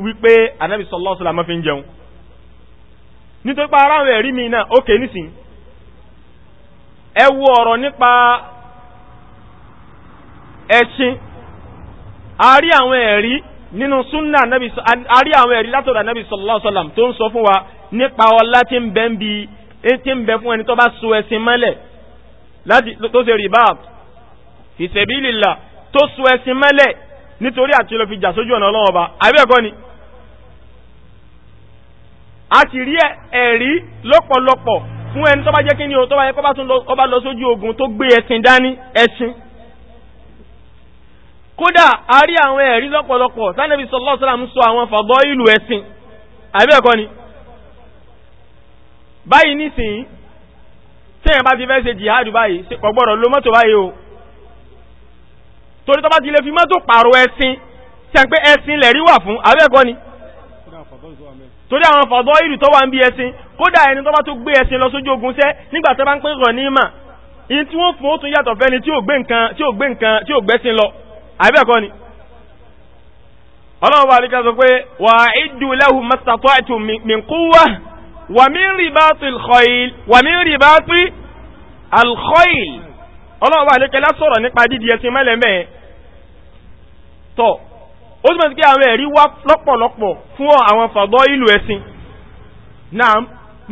wípé anábì sallallahu alaihi wasallam fi ń jẹun nítorí pa ara rẹ̀ mi náà ókè nísìn ẹ wo ọ̀rọ̀ nípa ẹṣin a rí àwọn ẹ̀rí nínú súnnà a rí àwọn ẹ̀rí látọ̀dọ̀ Ànábì sallallahu alaihi wasallam tó ń sọ fún wa nípa ọlá tí ń bẹ ń bi tí ń bẹ fún ẹni tó bá so ẹṣin mọ́lẹ̀ tó ṣe rìbá fi sabilillah tó so ẹṣin mọ́lẹ̀ nítorí àti lọ fi jà sójú ọ̀nà Ọlọ́run Ọba àbẹ́ẹ̀kọ́ ni a ti rí ẹ̀rí lọ́pọ̀lọpọ̀ fún ẹni tó bá jẹ́ kí ni o tó bá yẹ kó bá tún lọ sójú ogun tó gbé ẹṣin dání ẹṣin kódà a rí àwọn ẹ̀rí lọ́pọ̀lọpọ̀ sánẹ́bí sọlọ́sọ́làm sọ àwọn fàbọ́ ìlú ẹ̀sìn àbẹ́ẹ̀kọ́ ni báyìí nísìnyí tẹ́yàn bá ti fẹ́ ṣe jihadu báyìí kò gbọ́dọ̀ lo mọ́tò báyìí o torí tó bá ti lè fi mọ́tò pààrọ̀ ẹ̀sìn tẹ́ pé ẹ̀sìn lẹ̀rí wà fún àbẹ́ẹ̀kọ́ ni torí àwọn fàbọ́ ìlú tó wà ń bí ẹ̀sìn kódà ẹni tó bá tó gbé ẹ̀sìn lọ sójú ogun sẹ́ nígbà tó bá ń pín rọ̀ ní ìmà ìyí tí wọ́n fún ó tún yàtọ̀ fẹ́ni tí ò gbé nǹkan tí ò gbé nǹkan tí ò gbẹ́sìn lọ àbẹ́ẹ̀kọ́ ni ọlọ́run bá ríkà sọ pé wà ìdù lahum mastata'tu min quwwa wà min ribati al-khayl wà min ribati al-khayl ọlọ́run bá ríkà lásọ̀rọ̀ nípa dídí ẹsìn mẹ́lẹ̀ mẹ́ tọ́ ó túnmọ̀ sí pé àwọn ẹ̀rí wá lọ́pọ̀lọpọ̀ fún àwọn fàgbọ́ ìlú ẹ̀sìn náà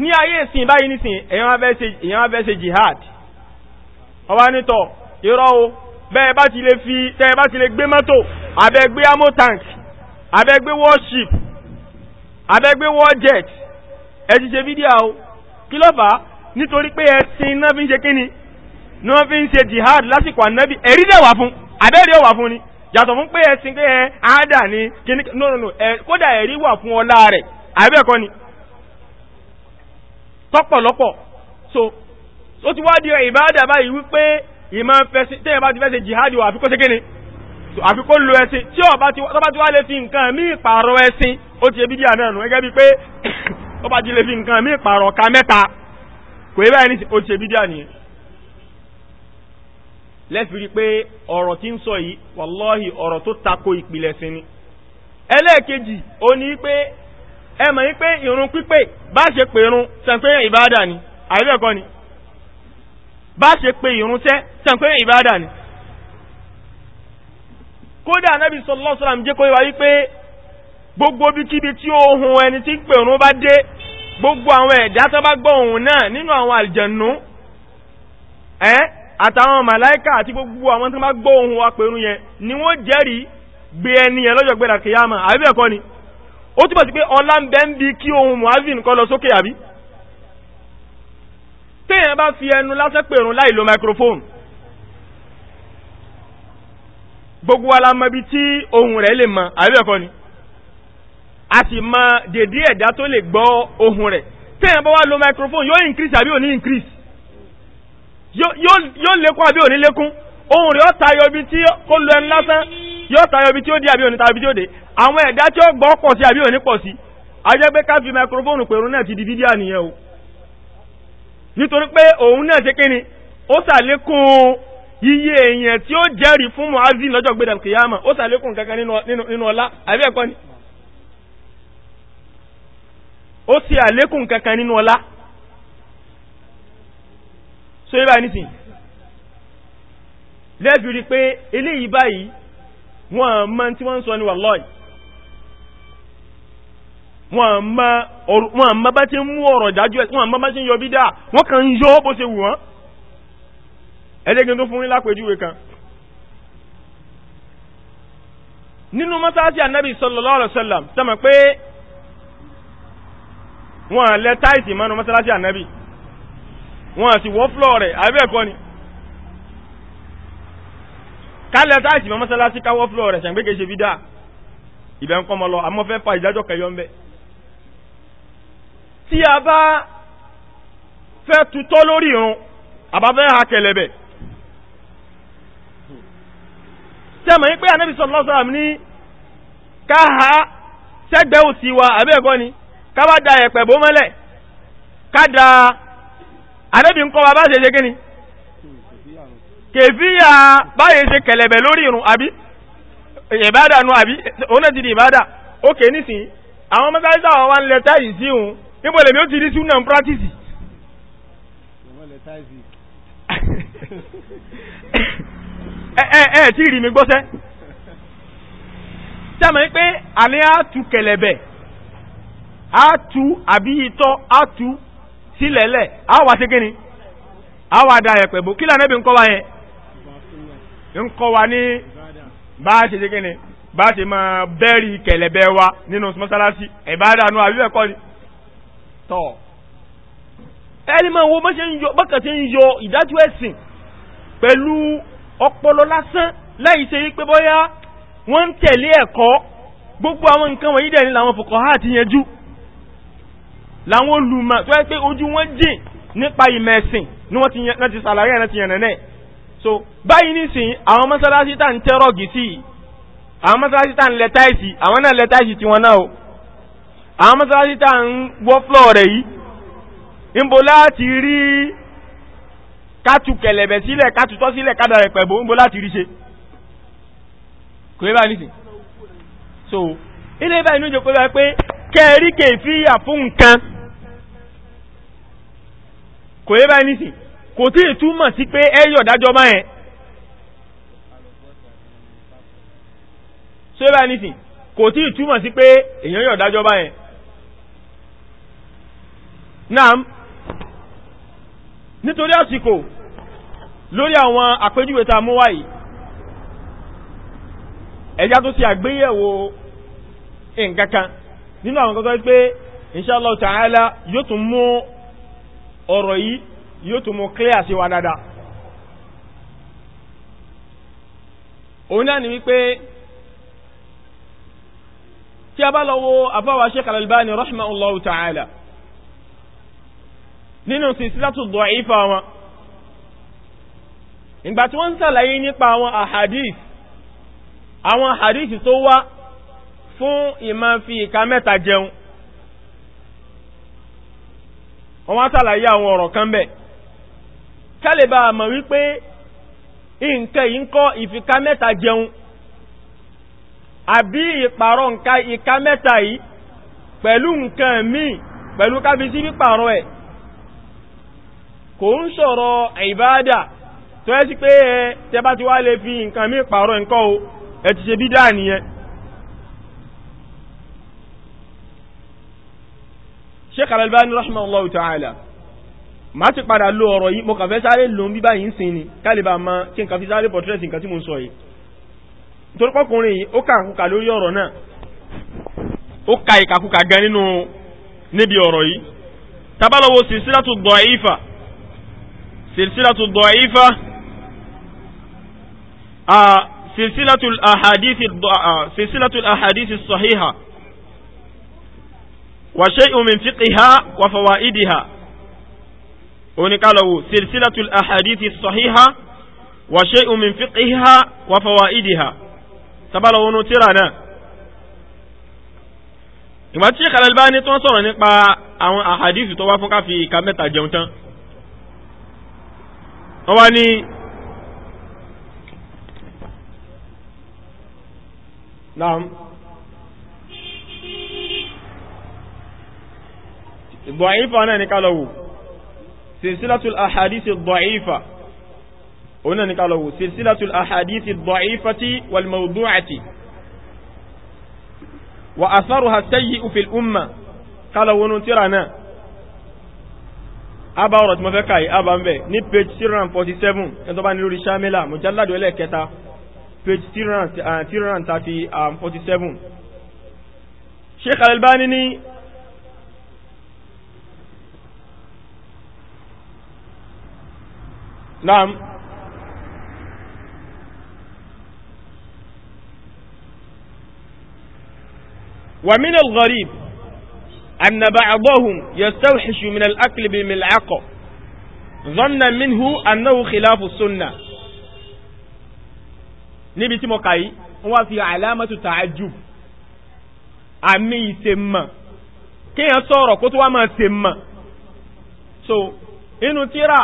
ní ayé ìsìn báyìí nísìn èèyàn abẹ́ ṣe jihad ọba nítọ̀ irọ́ o bẹ́ẹ̀ bá ti lè fi tẹ́ẹ̀ bá ti lè gbé mọ́tò abẹ́gbé ammo tank abẹ́gbé warship abẹ́gbé warjet ẹ ti ṣe fídíò kí ló fà á nítorí pé ẹ̀sìn náà fi ń ṣe kíni ní wọ́n fi ń ṣe jihad lásìkò ànábì ẹ̀rí dẹ̀ wà fún àbẹ́rí ò wà fún ni yàtọ̀ fún pé ẹ̀sìn pé ẹ àádà ni kíní no no no kódà ẹ̀rí wà fún ọlá rẹ̀ àbẹ́ẹ̀kọ́ ni tọ́pọ̀lọpọ̀ so ó ti wá di ìbáàdà báyìí wípé ìmọ̀ fẹ́sìn tẹ́yẹ̀ bá ti fẹ́sìn jihadi wà àfikó sékéni àfikó lo ẹ̀sìn tí ọba ti wá lè fi nǹkan mí ìpààrọ̀ ẹ̀sìn ó ti ebídí àmì ẹ̀nù gẹ́gẹ́ bí pé ọba [coughs] ti lè fi nǹkan mí ìpààrọ̀ ka mẹ́ta kò ẹ báyìí ó ti ebídí àníyẹn lẹ́fìrí pé ọ̀rọ̀ tí ń sọ yìí wàlọ́hì ọ̀rọ̀ tó tako ìpìlẹ̀ sí ni ẹlẹ́ẹ̀kejì ó ní pé ẹ mọ̀ ní pé ìrun pípé bá ṣe pèrun sẹ́ńpé ìbáadà ni àìbẹ̀kọ́ ni bá ṣe pé ìrúnṣẹ́ tàn pé ìbádà ni kódà anábì sallallahu alaihi wasallam jẹ́ kó wá wípé gbogbo bíkíbi tí ohun ẹni tí ń pè òun bá dé gbogbo àwọn ẹ̀dá tó bá gbọ́ ohun náà nínú àwọn àlìjẹ̀nú ẹ́ àtàwọn màláíkà àti gbogbo àwọn tó bá gbọ́ ohun wa pẹ̀rún yẹn ni wọ́n jẹ́rìí gbé ẹni yẹn lọ́jọ́ gbẹ́dà kìyàmà àbí bẹ́ẹ̀ kọ́ ni ó túbọ̀ sí pé ọlá ń bẹ ń bi kí ohun muhammed kọ́ lọ sókè àbí téèyàn bá fi ẹnu lásán pèrún láì lo microphone gbogbo wa la mọ ibi tí ohun rẹ̀ lè mọ àríwẹ̀kọ́ ni a sì mọ dèdí ẹ̀dá tó lè gbọ́ ohun rẹ̀ téèyàn bá wá lo microphone yóò increase àbí ò ní increase yóò lékún àbí ò ní lékún ohun rẹ̀ ó tayọ ibi tí kó lo ẹnu lásán yóò tayọ ibi tí ó dé àbí ò ní tayọ ibi tí ó dé àwọn ẹ̀dá tí ó gbọ́ pọ̀ sí àbí ò ní sí a pé ká fi microphone pèrún náà ti di fídíà nìyẹn o nítorí pé òun náà ṣe kíni ó sàlékún iye èèyàn tí ó jẹ́rìí fún muazin lọ́jọ́ gbẹ̀dẹ̀ kìyàmà ó sàlékún kankan nínú ọlá àbí ẹ̀kọ́ ni ó sì àlékún kankan nínú ọlá so yíba nìsìn lẹ́bìí rí pé eléyìí báyìí wọ́n mọ́ tí wọ́n ń sọ ní wàlọ́yìí wọn àmọ́ bá ti ń mú ọ̀rọ̀ dájú ẹ̀ wọn àmọ́ bá ti ń yọ bí dáa wọ́n kàn ń yọ bó ṣe wù wọ́n ẹ̀ẹ́dẹ́gbẹ́ tó fún ní lápèjúwe kan nínú mọ́sáàsì ànábì sallallahu alaihi wasallam sọmọ pé wọn lẹ táìsì mọ́nu mọ́sáàsì ànábì wọn sì wọ́ fúlọ̀ rẹ̀ àbẹ́ẹ̀kọ́ ni kálẹ̀ táìsì mọ́ mọ́sáàsì káwọ́ fúlọ̀ rẹ̀ ṣàǹgbẹ́gẹ́ ṣe bí dáa ìbẹ̀ ń kọ́ mọ́ lọ àmọ́ fẹ́ fa ìdájọ́ kẹyọ́ ń bẹ́ẹ̀ tí a bá fẹ́ tutọ́ lórí irun àbáfẹ́ ha kẹlẹ̀bẹ̀ tẹ́mọ̀ yí pé anábì sallallahu alaihi wasallam ní ká ha sẹ́gbẹ́ òsì wa àbẹ́ẹ̀kọ́ ni ká bá da ẹ̀pẹ̀ bó mọ́lẹ̀ ká da anábì ń kọ́ wa bá ṣe ṣe kíni kèfíyà báyìí ṣe kẹlẹ̀bẹ̀ lórí irun àbí ìbádà nu àbí òun náà ti di ìbádà ó kè nísìnyí àwọn mọ́sáájú àwọn wa ń lẹ táyì sí òun níbo lèmi ó ti rí súnà practice. ẹ ẹ ẹ tí rí mi gbọ́sẹ́ sẹ́mi pé àní á tu kẹlẹ̀bẹ̀ á tu àbí itọ́ á tu sílẹ̀lẹ̀ á wà sí kíni da ẹ̀pẹ̀ bò kí lànà ibi ń kọ́ wa yẹn ń kọ́ wa ní bá a ṣe ṣe kíni bá a ṣe máa bẹ́ẹ̀rì kẹlẹ̀bẹ̀ wa nínú mọ́sálásí ẹ̀bá dànù àbí bẹ́ẹ̀ ni tọ́ ẹni máa wo bọ́kàn tí ń yọ ìdájọ́ ẹ̀sìn pẹ̀lú ọpọlọ lásán láì ṣe yí pé bọ́yá wọ́n ń tẹ̀lé ẹ̀kọ́ gbogbo àwọn nǹkan wọ̀nyí dẹ̀ ní làwọn fòkànhá àti yẹnjú làwọn olùmọ̀ tó yẹ pé ojú wọn jìn nípa ìmọ̀ ẹ̀sìn ni wọ́n ti ṣàlàyé ẹ̀ náà ti yànnà náà so báyìí nísìnyí àwọn mọ́sálásí tá ń tẹ́rọ̀gì sí àwọn mọ́sálásí tá ń lẹ́táìsì àwọn náà lẹ́táìsì tiwọn náà o àwọn mọ́sálásí tá ń wọ́ fúlọ̀ rẹ̀ yìí ń bo láti rí kátù kẹlẹ̀bẹ̀ sílẹ̀ kátù tọ́ sílẹ̀ kádà rẹ̀ pẹ̀bò ń bo láti rí ṣe kò yẹ bá nìsìn so ilé bá inú jẹ́ kó lọ pé kẹrí kèfíyà fún nǹkan kò yẹ bá nìsìn kò tí ì túmọ̀ sí pé ẹyọ̀ dájọ́ máa yẹn so yẹ bá nìsìn kò tí ì túmọ̀ sí pé èèyàn yọ̀ dájọ́ máa naam nítorí àsìkò lórí àwọn àpéjúwe tá a mú wáyìí ẹ̀yà tó ti àgbéyẹ̀wò nǹkankan nínú àwọn kankan pé inshallah ta'ala yóò tún mú ọ̀rọ̀ yìí yóò tún mú clear sí wa dáadáa òun náà ni wípé tí a bá lọ wo àbáwá Sheikh Al-Albani rahimahullahu ta'ala nínú sísílátù dọ̀ífà wọn ìgbà tí wọ́n ń sàlàyé nípa àwọn àhàdìs àwọn àhàdìs tó wá fún ìmá fi ìka mẹ́ta jẹun wọ́n wá sàlàyé àwọn ọ̀rọ̀ kan bẹ̀ kálẹ̀bà mọ̀ wípé nǹkan yìí ń kọ́ ìfìka mẹ́ta jẹun àbí ìpàrọ̀ nǹkan ìka mẹ́ta yìí pẹ̀lú nǹkan míì pẹ̀lú kábísí pípàrọ̀ ẹ̀ kò ń sọ̀rọ̀ ìbáadà tó ẹ́ sí pé ẹ tẹbá ti wá lè fi nǹkan mí pààrọ̀ nǹkan o ẹ ti ṣe bídà nìyẹn Sheikh Al-Albani rahimahullahu ta'ala ma ti padà lo ọ̀rọ̀ yìí mo kàn fẹ́ sáré lòun ni ma ó ka ìkàkùkà gan سلسلة الضعيفة آه، سلسلة الأحاديث آه سلسلة الأحاديث الصحيحة وشيء من فقهها وفوائدها ونقالوا سلسلة الأحاديث الصحيحة وشيء من فقهها وفوائدها تبالو نترانا ìgbà tí ṣe kàlẹ̀ bá ní tó ń sọ̀rọ̀ nípa àwọn wọ́n wá ní naam dọ̀ífà náà ní kálọ̀wò silsilatul ahadisi dọ̀ífà òun náà ní kálọ̀wò silsilatul ahadisi dọ̀ífàtí walmaudu'ati wa asaruha sayyi'u fil umma kálọ̀wò nù tíra náà àbá ọ̀rọ̀ tí mo fẹ́ kàí àbá ń bẹ̀ ní page 347 ẹ̀tọ́ bá ní lórí sàmìlà mọ̀jáládò ẹlẹ́ẹ̀kẹta page 347 uh, um, Sheikh Al-Albani ní naam wa min al-gharib أن بعضهم يستوحش من الأكل بملعقة ظنا منه أنه خلاف السنة níbi tí mo kà yìí wọ́n fi àlámọ́tò tààjù àmì ìsèmọ̀ kéèyàn sọ̀rọ̀ kó tó wá máa sèmọ̀ so inú tíra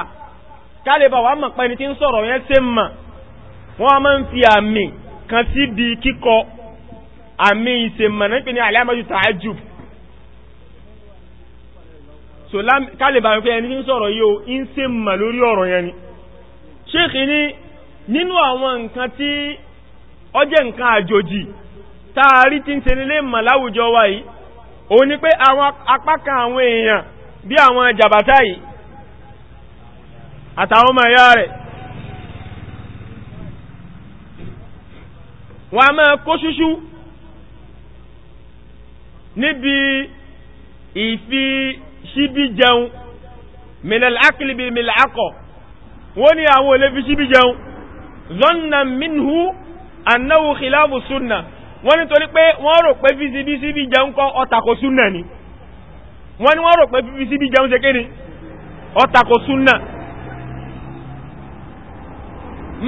kálíbà wà mọ̀ pẹ́ni tí ń sọ̀rọ̀ yẹn sèmọ̀ wọ́n máa ń fi àmì kan sí di kíkọ àmì ìsèmọ̀ nípe ní àlámọ́tò tààjù so kálẹ̀bà wípé ẹni tí ń sọ̀rọ̀ yíò ń se mà lórí ọ̀rọ̀ yẹn ni ṣéèkì ní nínú àwọn nǹkan tí ó jẹ́ nǹkan àjòjì táàrí tí ń se nílé mà láwùjọ wa yìí ó ní pé àwọn apákan àwọn èèyàn bí àwọn jàbátá yìí àtàwọn ọmọ ẹ̀yà rẹ̀ wọ́n a máa kó ṣúṣú níbi ìfi síbí jẹun minal akilibi mil akọ wọ́n ní àwọn olè fi síbí jẹun zọ́nà minhu annahu khilafu sunna wọ́n ní torí pé wọ́n rò pé fi síbí síbí jẹun kọ́ ọ̀tàkò sunna ni wọ́n ní wọ́n rò pé fi síbí jẹun ṣe kéde ọ̀tàkò sunna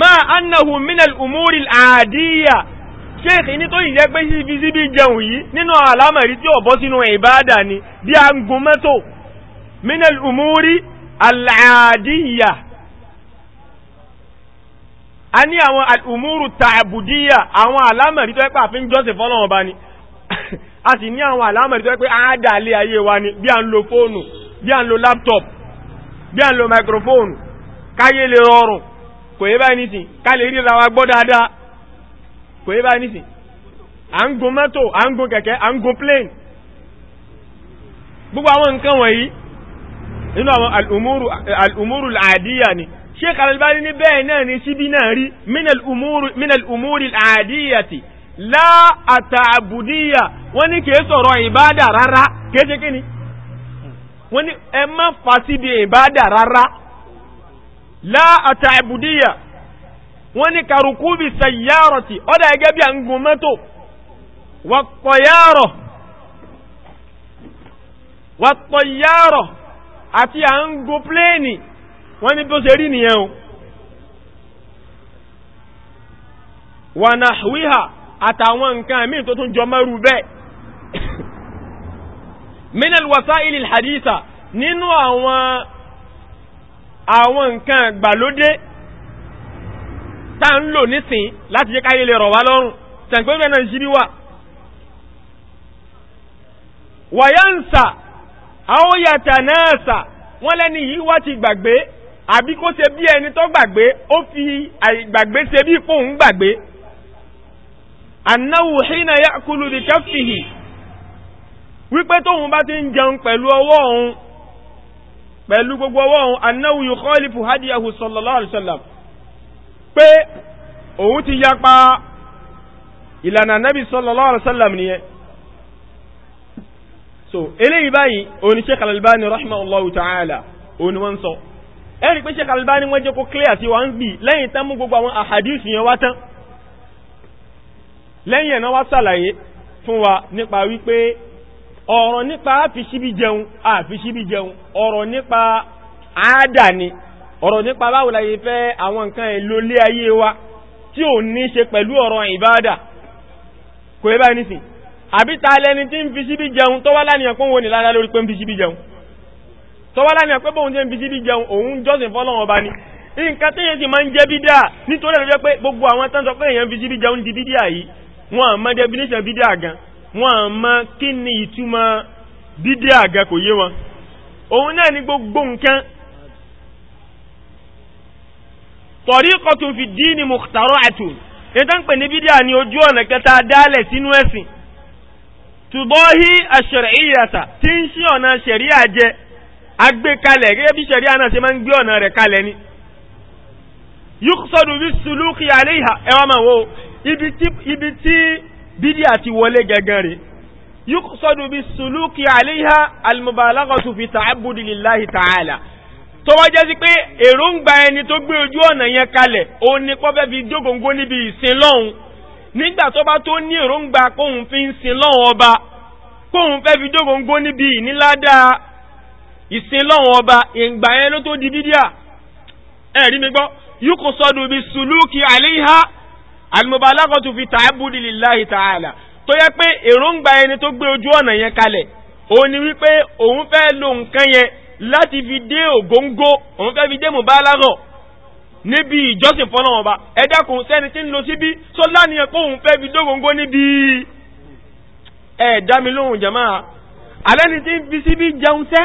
ma annahu minal umuri àdíyà sheikh ní tó yìí jẹ́ pé síbí síbí jẹun yìí nínú àlámọ̀rí tí ó bọ́ sínú ìbáadà ni bí a ń gun mọ́tò من الأمور العادية a ní àwọn al'umuru tààbùdíyà àwọn alámẹ̀rí tó ẹ́pà fi ń jọ́sìn fọ́lọ́wọ́n bá ní a sì ní àwọn alámẹ̀rí tó ẹ́pẹ́ àádàlé ayé wa ní bí a ń lo fóònù bí a ń lo laptop bí a ń lo microphone káyé lè rọrùn kò yẹ báyìí nìsìn ká lè rí ra wa gbọ́ dáadáa kò yẹ báyìí nìsìn à ń gun mọ́tò à ń gun kẹ̀kẹ́ à ń gun plane gbogbo àwọn nǹkan wọ̀nyí nínú àwọn al'umuru al'adíyà ni sheik albani ní bẹ́ẹ̀ náà ni síbí náà rí minal umuri al'adíyà ti láàtàbùdíyà wọ́n ní kìí sọ̀rọ̀ ìbádà rárá kéèṣe kí ni wọ́n ní ẹ má fà síbi ìbádà rárá láàtàbùdíyà wọ́n ní karukubi sayyarati ọ́dá ẹgẹ́ bí a ń àti à ń go pléènì wọ́n ní bó ṣe rí nìyẹn o wànà wíhà àtàwọn nǹkan míì tó tún jọ mẹ́rù bẹ́ẹ̀ [laughs] minal wasaili alhaditha nínú àwọn àwọn nǹkan gbàlódé tá ń lò nísìn láti jẹ́ káyé lè rọ̀ wá lọ́rùn tẹ̀gbẹ́gbẹ́ náà jírí wà wàyánsà àwọn yàtà náà sà wọ́n lẹ́ni yìí wá ti gbàgbé àbí kó ṣe bí ẹni tó gbàgbé ó fi àìgbàgbé ṣe bí fóun gbàgbé annáwù hínà yàkúlù di káfíhì wípé tóun bá ti ń jẹun pẹ̀lú ọwọ́ òun pẹ̀lú gbogbo ọwọ́ òun annáwù yìí kọ́lífù hadiyahu sallallahu alaihi wasallam pé òun ti yapa ìlànà nabi sallallahu alaihi nìyẹn so eléyìí báyìí òní Sheikh Al-Albani rahimahullahu ta'ala òní wọ́n sọ ẹ̀rí pé Sheikh Al-Albani wọ́n jẹ́ kó clear sí wọ́n ń bì lẹ́yìn tán mú gbogbo àwọn àhàdísì yẹn wá tán lẹ́yìn ẹ̀nà wá sàlàyé fún wa nípa wípé ọ̀rọ̀ nípa àfiṣíbí jẹun àfiṣíbí jẹun ọ̀rọ̀ nípa àádà ni ọ̀rọ̀ nípa báwo la yẹ fẹ́ àwọn nǹkan èlò lé ayé wa tí ò ní ṣe pẹ̀lú ọ̀rọ̀ ìbáadà kò yẹ báyìí nísìn àbí ta lẹni tí ń fi síbí jẹun tó wá lánìyàn pé òun ní lára lórí pé ń fi síbí jẹun tó wá lánìyàn pé bóun jẹ́ ń fi síbí jẹun òun jọ́sìn fọ́lọ́run ọba ni nǹkan tí yẹn sì máa ń jẹ́ bídíà nítorí ẹ̀rọ jẹ́ pé gbogbo àwọn tán sọ pé èèyàn fi síbí jẹun di bídíà yìí wọn àmọ́ definition bídíà gan wọn àmọ́ kí ni ìtumọ̀ bídíà gan kò yé wọn òun náà ni gbogbo nǹkan tariqatun fi dini mukhtara'atun ètò ń pè ní bídíà ni ojú ọ̀nà kẹta dálẹ̀ sínú ẹ̀sìn tùbọ́hí àṣẹ̀rẹ̀íyàtà tí ń sí ọ̀nà ṣẹ̀ríà jẹ agbékalẹ̀ gẹ́gẹ́ bí ṣẹ̀ríà náà ṣe máa ń gbé ọ̀nà rẹ̀ kalẹ̀ ni yúkúsọ́dù bí sùlúkì àléhà ẹwà máa wo ibi tí bídí àti wọlé gẹ́gẹ́ rẹ̀ yúkúsọ́dù bí sùlúkì àléhà almubalagatu fi ta'abbudi nígbà tó bá tó ní èròǹgbà kóhun fi ń sin lọ́wọ́ ọba kóhun fẹ́ fi dógóngó níbi ìníládá ìsin lọ́wọ́ ọba ìgbà yẹn ló tó di bídíà ẹ̀rí mi gbọ́ yíkò sọ́dọ̀ bí sùlúkì àléhà àlùmọ̀bálákọ̀tù fi tààbùdì lillahi ta'ala tó yẹ pé èròǹgbà ẹni tó gbé ojú ọ̀nà yẹn kalẹ̀ òun ni wípé òun fẹ́ lo nǹkan yẹn láti fi dé ògóńgó òun fẹ́ fi dé mọ̀bálákọ̀ níbi ìjọsìn fọ́nà ọba ẹ̀dákùn sẹ́ni tí ń lo síbí tó láníyàn pé òun fẹ́ fi dógóngó níbi ẹ̀dámi lóhun jàmáà alẹ́ni tí ń fi síbí jẹun sẹ́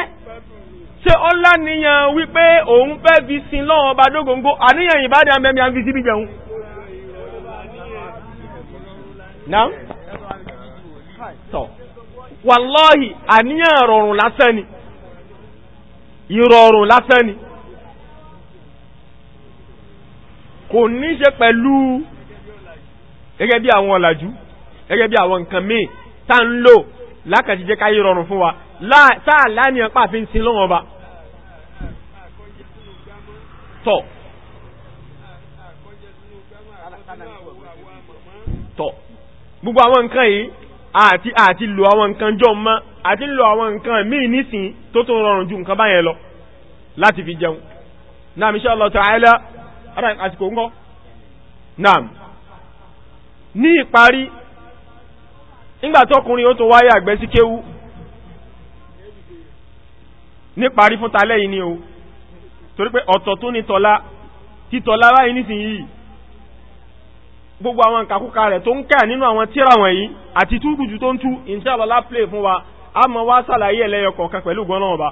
ṣe ó láníyàn wípé òun fẹ́ fi sin lọ́wọ́ ọba dógóngó àníyàn ìbádẹ́ amẹ́mí à ń fi síbí jẹun náà tọ̀ wàlọ́hì àníyàn ìrọ̀rùn lásán ni ìrọ̀rùn lásán ni kò ní ṣe pẹ̀lú gẹ́gẹ́ bí àwọn ọ̀làjú gẹ́gẹ́ bí àwọn nǹkan míì tá ń lò lákàtí jẹ́ káyé rọrùn fún wa táà láàníyàn pàfin sí lọ́wọ́n ba tọ̀ tọ̀ gbogbo àwọn nǹkan yìí àti àti lò àwọn nǹkan jọ mọ́ àti lò àwọn nǹkan míì nísìn tó tó rọrùn ju nǹkan báyẹn lọ láti fi jẹun náà insha Allah ta'ala ara àsìkò ńgọ́ naam ní ìparí nígbàtọ́kùnrin ó tó wáyé àgbẹ́ sí kéwú níparí fún talẹ́ yìí ni o torí pé ọ̀tọ̀ tó ní tọ́lá tí tọ́lá báyìí nísìnyí gbogbo àwọn ìkàkúkà rẹ̀ tó ń kà nínú àwọn tíra wọ̀nyí àti túkùtù tó ń tú ìṣàlọ́lá play fún wa a mọ̀ wá sàlàyé ẹlẹ́yọkọ̀ọ̀kan pẹ̀lú gbọ́nà ọba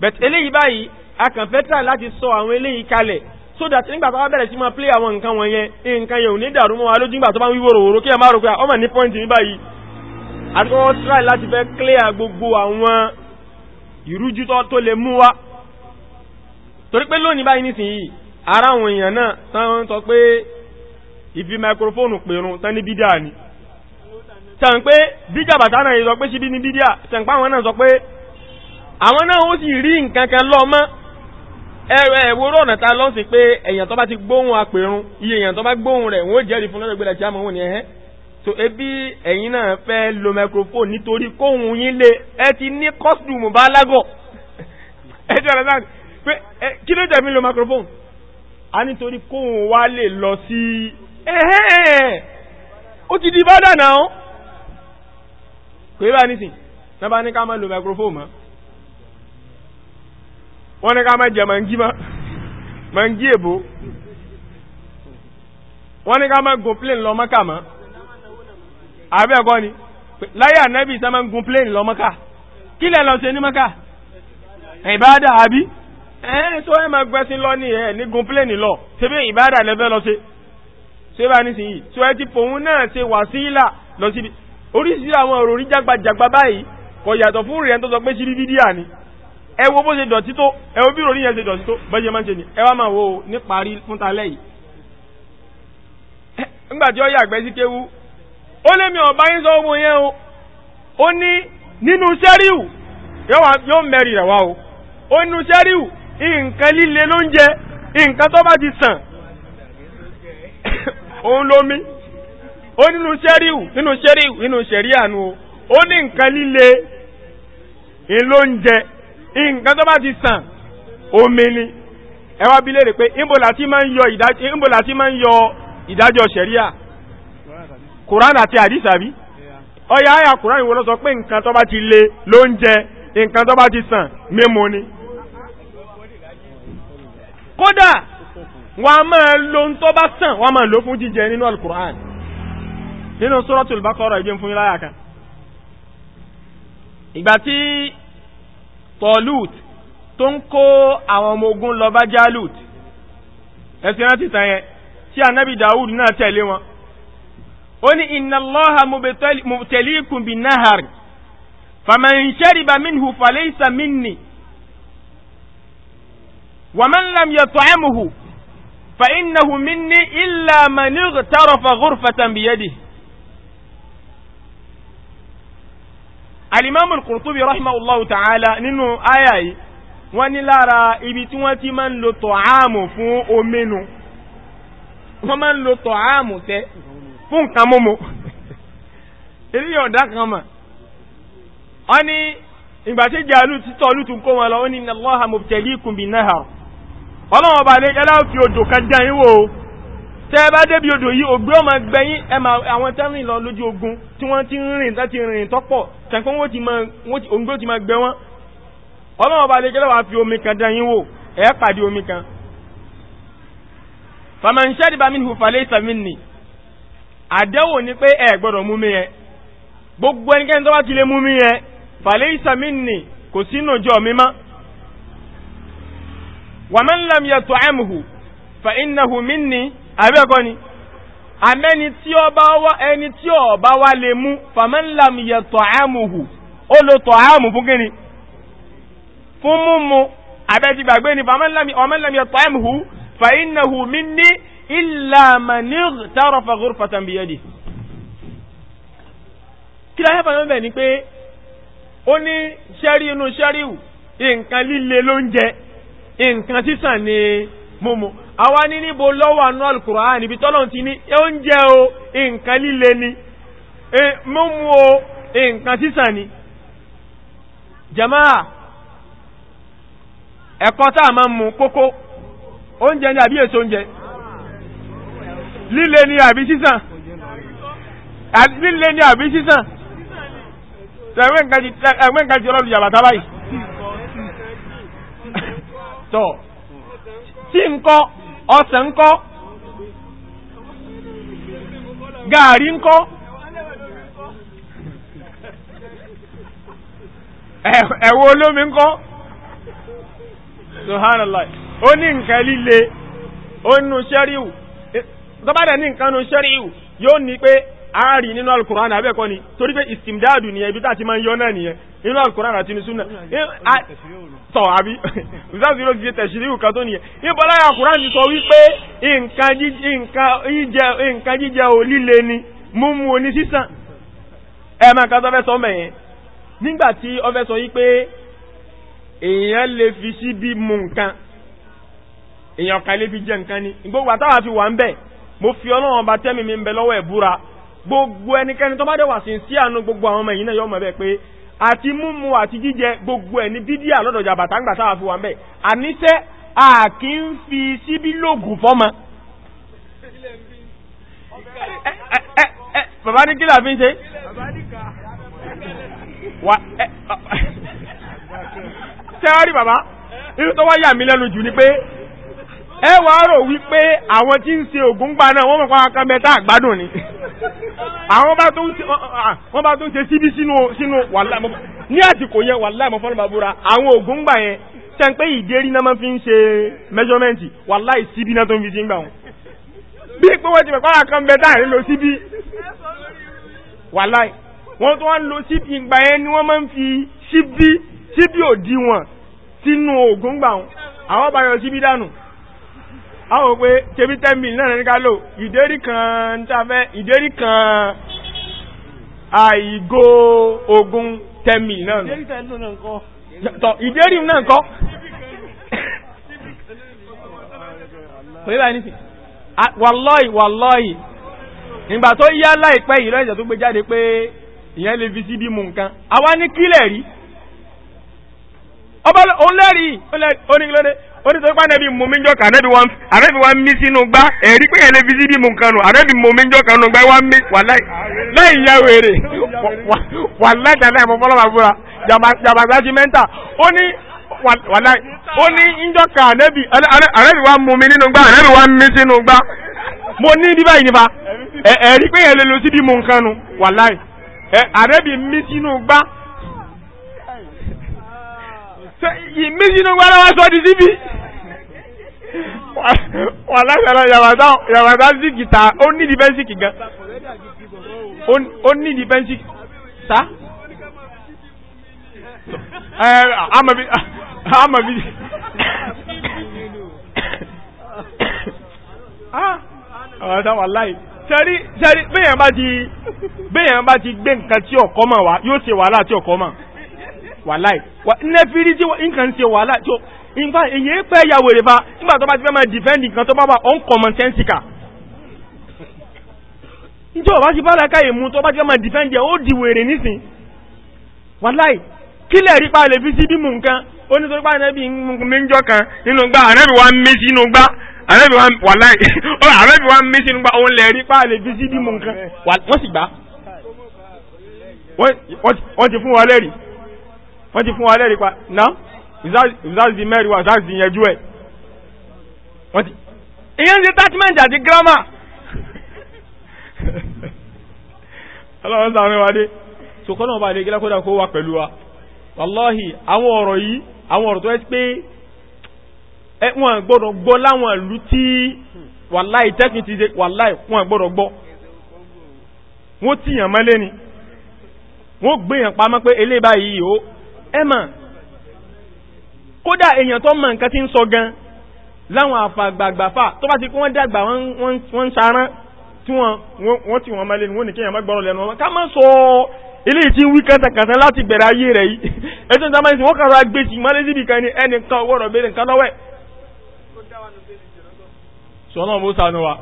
but eléyìí báyìí a kàn fẹ́ tà láti sọ àwọn eléyìí kalẹ̀ so that nígbà tó bá bẹ̀rẹ̀ sí máa play àwọn nǹkan wọ̀nyẹn nǹkan yẹn ò ní dàrú mọ́ wa lójú nígbà tó bá ń wíwòrò òrò kí ẹ má rò pé ọmọ ah, ní point ní báyìí àti kọ́ try láti fẹ́ clear gbogbo àwọn ìrújú tó lè mú wa torí pé lónìí báyìí nísìnyí ara àwọn èèyàn náà tán sọ pé ìfi microphone pèrún tán ní bídíà ni tàn pé bíjà bàtà náà sọ pé síbí ní bídíà tàn pé àwọn náà sọ pé àwọn náà ó sì rí nǹkan kan lọ́mọ́ ẹ̀rọ ẹ̀wòrò ọ̀nà ta lọ́sìn pé èèyàn tó bá ti gbóhùn apèrun iye èèyàn tó bá gbóhùn rẹ̀ wọ́n jẹ́rìí fún lọ́dọ̀ gbẹ̀dẹ̀ tí a mọ̀ wọ́n ni ẹ̀hẹ́ so ebi ẹ̀yin náà fẹ́ lo microphone nítorí kóhùn yín lé ẹ ti ní costume bá lágọ̀ [laughs] ẹ ti ọ̀rọ̀ sáà pé kí ló jẹ́ mi lo microphone a nítorí kóhùn wa lè lọ sí ẹ̀hẹ́ ó ti di bá dà náà pé bá nísìn náà bá ní ká má lo microphone mọ́ wọ́n ní ká má jẹ màǹgí má màǹgí èbó wọ́n ní ká má gun plane lọ mọ́kà mọ́ àbẹ́ ẹ̀kọ́ ni láyé ànábì sá má gun plane lọ mọ́kà kí lẹ́ lọ ṣe ní mọ́kà ìbáàdà àbí ẹ̀ẹ́n tó ẹ̀ máa gbẹ́sìn lọ ní ẹ̀ ní gun plane lọ ṣe bí ìbáàdà lẹ́fẹ́ lọ ṣe ṣe bá tí wọ́n ti fòun náà ṣe wàsílà lọ síbi oríṣiríṣi àwọn òròrí jágbajàgba báyìí kò yàtọ̀ fún rẹ̀ tó sọ pé ṣíbí bídíà ni ẹ wo bó ṣe dọ̀tí tó ẹ wo bí ìròyìn yẹn ṣe dọ̀tí tó bẹ́ẹ̀ máa ń ṣe ni ẹ wá máa wo níparí fún ta lẹ́yìn. nígbà tí ó yà àgbẹ̀ sí kéwu ó lé mi ọ̀bá yín sọ ohun yẹn o ó ní nínú sẹ́ríù yóò mẹ́rin rẹ̀ wá o ó nínú sẹ́ríù nǹkan líle ló ń nǹkan tó bá ti sàn [coughs] òun lómi ó nínú sẹ́ríù nínú sẹ́ríù nínú sẹ́ríà nu o ó ní nǹkan líle ìlóúnjẹ nǹkan tó bá ti sàn omi ni ẹ wá bi léèrè pé ńbo láti máa ń yọ ìdájọ́ ṣẹ̀ríà kùránì àti àdìsà bí ọya àyà kùránì wo ló sọ pé nǹkan tó bá ti le ló ń jẹ nǹkan tó bá ti sàn mímu ni kódà wọ́n a máa lo ń tó bá sàn wọ́n a máa lo fún jíjẹ nínú alkùránì nínú suratul Baqara ìjẹun fún iláyà tọ́lút tó ń kó àwọn ọmọ ogun lọ bá jálút ẹ̀sìn rántí tàn yẹn tí anábì Dawud náà tẹ̀lé wọn ó ní inna Allaha mubtalikum bin nahar faman shariba minhu falaysa minni wa man lam yat'amuhu fa innahu minni illa man ightarofa ghurfatan biyadihi alimamu al-Qurtubi rahimahullahu ta'ala nínú aya yìí wọ́n ní lára ibi tí wọ́n ti máa ń lo tọ̀áàmù fún ominu wọ́n máa ń lo tọ̀áàmù tẹ fún nǹkan mọ́mọ́ èyí ọ̀dá kan mà ọ ní ìgbàtí jàálù títọ́ olú tún kó wọn lọ ó ní Allaha mubtalikum bin nahar ọlọ́wọ́ bá lè jẹ́lá òkè odò kan jẹ́ ìwò tẹ́ ẹ bá débi odò yìí ògbé ọmọ gbẹ̀yìn ẹ máa àwọn tẹ́rìn lọ lójú ogun tí wọ́n ti ń rìn láti rìn tọ́pọ̀ tẹ̀kọ́ wọ́n ti máa òǹgbó ti máa gbẹ wọ́n ọlọ́wọ́ bá lè gẹ́lẹ́ wàá fi omi kan dán yín wò ẹ pàdé omi kan faman shariba minhu falaysa minni àdẹ́wò ni pé ẹ gbọ́dọ̀ mú mi yẹn gbogbo ẹnikẹ́ni tó bá ti lè mú mi yẹn falaysa minni kò sínú ìjọ mi mọ́ wa man lam yat'amhu fa innahu minni àbẹ́ẹ̀kọ́ ni àmẹ́ni tí ó bá wá ẹni tí ó bá wá lè mú fàmẹ́ńlàm yẹ tọ̀hámùhù ó lo tọ̀hámù fún kíni fún múmu àbẹ́ẹ̀tì gbàgbé ni fàmẹ́ńlàm yẹ tọ̀hámùhù fàínàhù mi ní ìlàmàní tààrọ̀ fàgùrù fàtàmbìyàdì kí láyé fàmẹ́ bẹ̀ ni pé ó ní ṣẹ́rí inú ṣẹ́ríwù nǹkan líle ló ń jẹ nǹkan sísàn ni múmu àwa ní níbo lọ́wọ́ àánú alkùrán ibi tọ́lọ̀ ti ní oúnjẹ o nǹkan líle ni mímú o nǹkan sísàn ni jàmáà ẹ̀kọ́ tá a máa mú kókó oúnjẹ ni àbí èso oúnjẹ líle ni àbí sísàn líle ni àbí sísàn ẹgbẹ́ nǹkan ti rọrùn yàbàtà báyìí tí nǹkan ọsàn ńkọ́ gààrí ńkọ́ ẹ̀wọ̀ olómi ńkọ́ ó ní nǹkan líle ó nínú ṣẹ́ríwù tọ́bádẹ̀ ní nǹkan nínú ṣẹ́ríwù yóò ní pé ààrí nínú Al-Qur'an ni torí pé ti máa yọ náà inú alukùránì àti sunna tọ̀ àbí ìsáàsì ló ti ṣe tẹ̀sírí ìwùkà tó nìyẹn níbọ̀lá sọ wípé nǹkan jíjẹ ò ni múmu oní sísàn ẹ̀mà kan tó fẹ́ sọ mẹ́yẹn nígbàtí ọ fẹ́ sọ yí pé èèyàn lè fi síbí mu nǹkan èèyàn kan lè fi jẹ nǹkan ni gbogbo mi ń bẹ lọ́wọ́ ẹ̀ búra gbogbo ẹnikẹ́ni tó bá dẹ̀ wà sí sí àánú àti múmu àti jíjẹ gbogbo ẹ̀ ní bídíà lọ́dọ̀ jàbàtà ńgbà táwà fi wà mẹ́ àníṣẹ́ a kì ń fi síbí lògùn fọ́mọ bàbá ní kílà fi ń ṣe tẹ́wárí bàbá inú tó wá yà mí lẹ́nu jù ni pé ẹ wàá rò wípé àwọn tí ń ṣe ògùn náà wọ́n mọ̀ pa akamẹ́ta àgbádùn ni àwọn bá tó ń ṣe wọ́n bá tó ń ṣe síbí sínú sínú wàláì mọ́ ní àsìkò yẹn wàláì mọ́ fọ́lọ́mà búra àwọn ògùn gbà yẹn tẹ́ ń pé ìdérí náà máa fi ń ṣe measurement wàláì síbí náà tó ń fi ṣe ń gbà wọn. bí pé wọ́n ti mọ̀ pàrọ̀ kan bẹ táàrin lọ síbí wàláì wọ́n tó wọ́n lọ síbí ìgbà yẹn ni wọ́n máa ń fi síbí síbí òdiwọ̀n sínú ògùn gbà wọn àwọn bá yọ síbí dànù a wò pé ṣebí ten million náà níká lò ìdérí kan tàbẹ́ ìdérí kan àìgó ogun ten million náà tọ ìdérí náà kọ́ kò yíba ní sí wàlọ́ì wàlọ́ì ìgbà tó yá láìpẹ́ yìí lọ́ìsẹ̀ tó gbé jáde pé ìyẹn lè fi síbí mú nǹkan àwa ní kílẹ̀ rí ọba olẹ́rìí oníkílódé ó ní sọ́kpá anabi mumi njọ́ kan anabi wọn anabi wọn mi sínú gbá ẹ̀rí pé ẹ̀rẹ́ fisi bí mu nǹkan nù anabi mumi njọ́ kan nù gbá wọn mi wàláì lẹ́yìn ya wèrè wàláì tẹ̀lé ẹ̀fọ́ fọlọ́ máa fura jàmbá sí mẹ́ta ó ní wàláì ó ní njọ́ kan anabi anabi wọn mumi nínú gbá anabi wọn mi sínú gbá mo ní bí báyìí nípa ẹ̀rí pé ẹ̀rẹ́ lọ sí bí mu nǹkan nù wàláì anabi mi sínú gbá méjì ló wá lọ́wọ́ sọ di síbi wà lásàrà yàwàdá síkì ta ó ní di bẹ́ńsìkì gan ó ní di bẹ́ńsìkì ta amabi ah! ọ̀dá wà láì sẹ́rí sẹ́rí béèyàn bá ti gbé nǹkan tí ọ̀kọ́ mọ̀ wá yóò ṣe wàhálà tí ọ̀kọ́ mọ̀ wàláì nẹ́fìrí tí nǹkan ṣe wàláì tó nfa èyí pẹ́ ìyàwó rẹ̀ fa nígbà tó bá ti fẹ́ máa dìfẹ́ǹdì nǹkan tó bá wà uncommon sensical njẹ́ ọba ti bára káyè mú tó bá ti fẹ́ máa dìfẹ́ǹdì ẹ̀ ó di wèrè nísìn wàláì kílẹ̀ rí pa lè fi sí bí mú nǹkan ó ní tó pa ẹ̀nẹ́bí méjọ kan nínú gbá àrẹ́bí wa ń mí sí inú gbá àrẹ́bí wa wàláì [laughs] àrẹ́bí wa ń mí sí inú gbá òun lẹ̀ rí pa lè fi sí bí mú nǹkan wọ́n sì gbá wọ́n ti fún wa lẹ́rìí wọ́n ti fún wa lẹ́rìí pa náà ìzáàzì mẹ́rin wa ìzáàzì yẹjú ẹ̀ wọ́n ti ìyẹn ti tátímẹ̀ntì àti gírámà ọlọ́run sàánú wa dé so kọ́nà ọba àdé gílá kódà kó wà pẹ̀lú wa wàláhì àwọn ọ̀rọ̀ yìí àwọn ọ̀rọ̀ tó ẹ́ pé wọ́n gbọ́dọ̀ gbọ́ láwọn ìlú tí wàláì tẹ́kì ti ṣe wàláì wọ́n gbọ́dọ̀ gbọ́ wọ́n tíyàn mọ́lé ni wọ́n gbéyàn pamọ́ pé eléyìí báyìí ó ẹmà kódà èèyàn tó mọ̀ nǹkan tí ń sọ gan láwọn àfàgbàgbàfà tó bá ti kí wọ́n dàgbà wọ́n ń sarán tí wọ́n tí wọ́n mẹ́lẹ̀ wọ́n ní kí èèyàn má gbọ́rọ̀ lẹ́nu wọn ká má sọ ilé tí ń wí kẹtàkàtà láti bẹ̀rẹ̀ ayé rẹ̀ yìí [laughs] ẹjọ́ ìjọba ìsìn wọ́n kàrọ̀ agbèsì mọ́lé síbi kan ní ẹnì kan owó ọ̀rọ̀ bẹ́ẹ̀ nǹkan sọ́nà bó sanu wa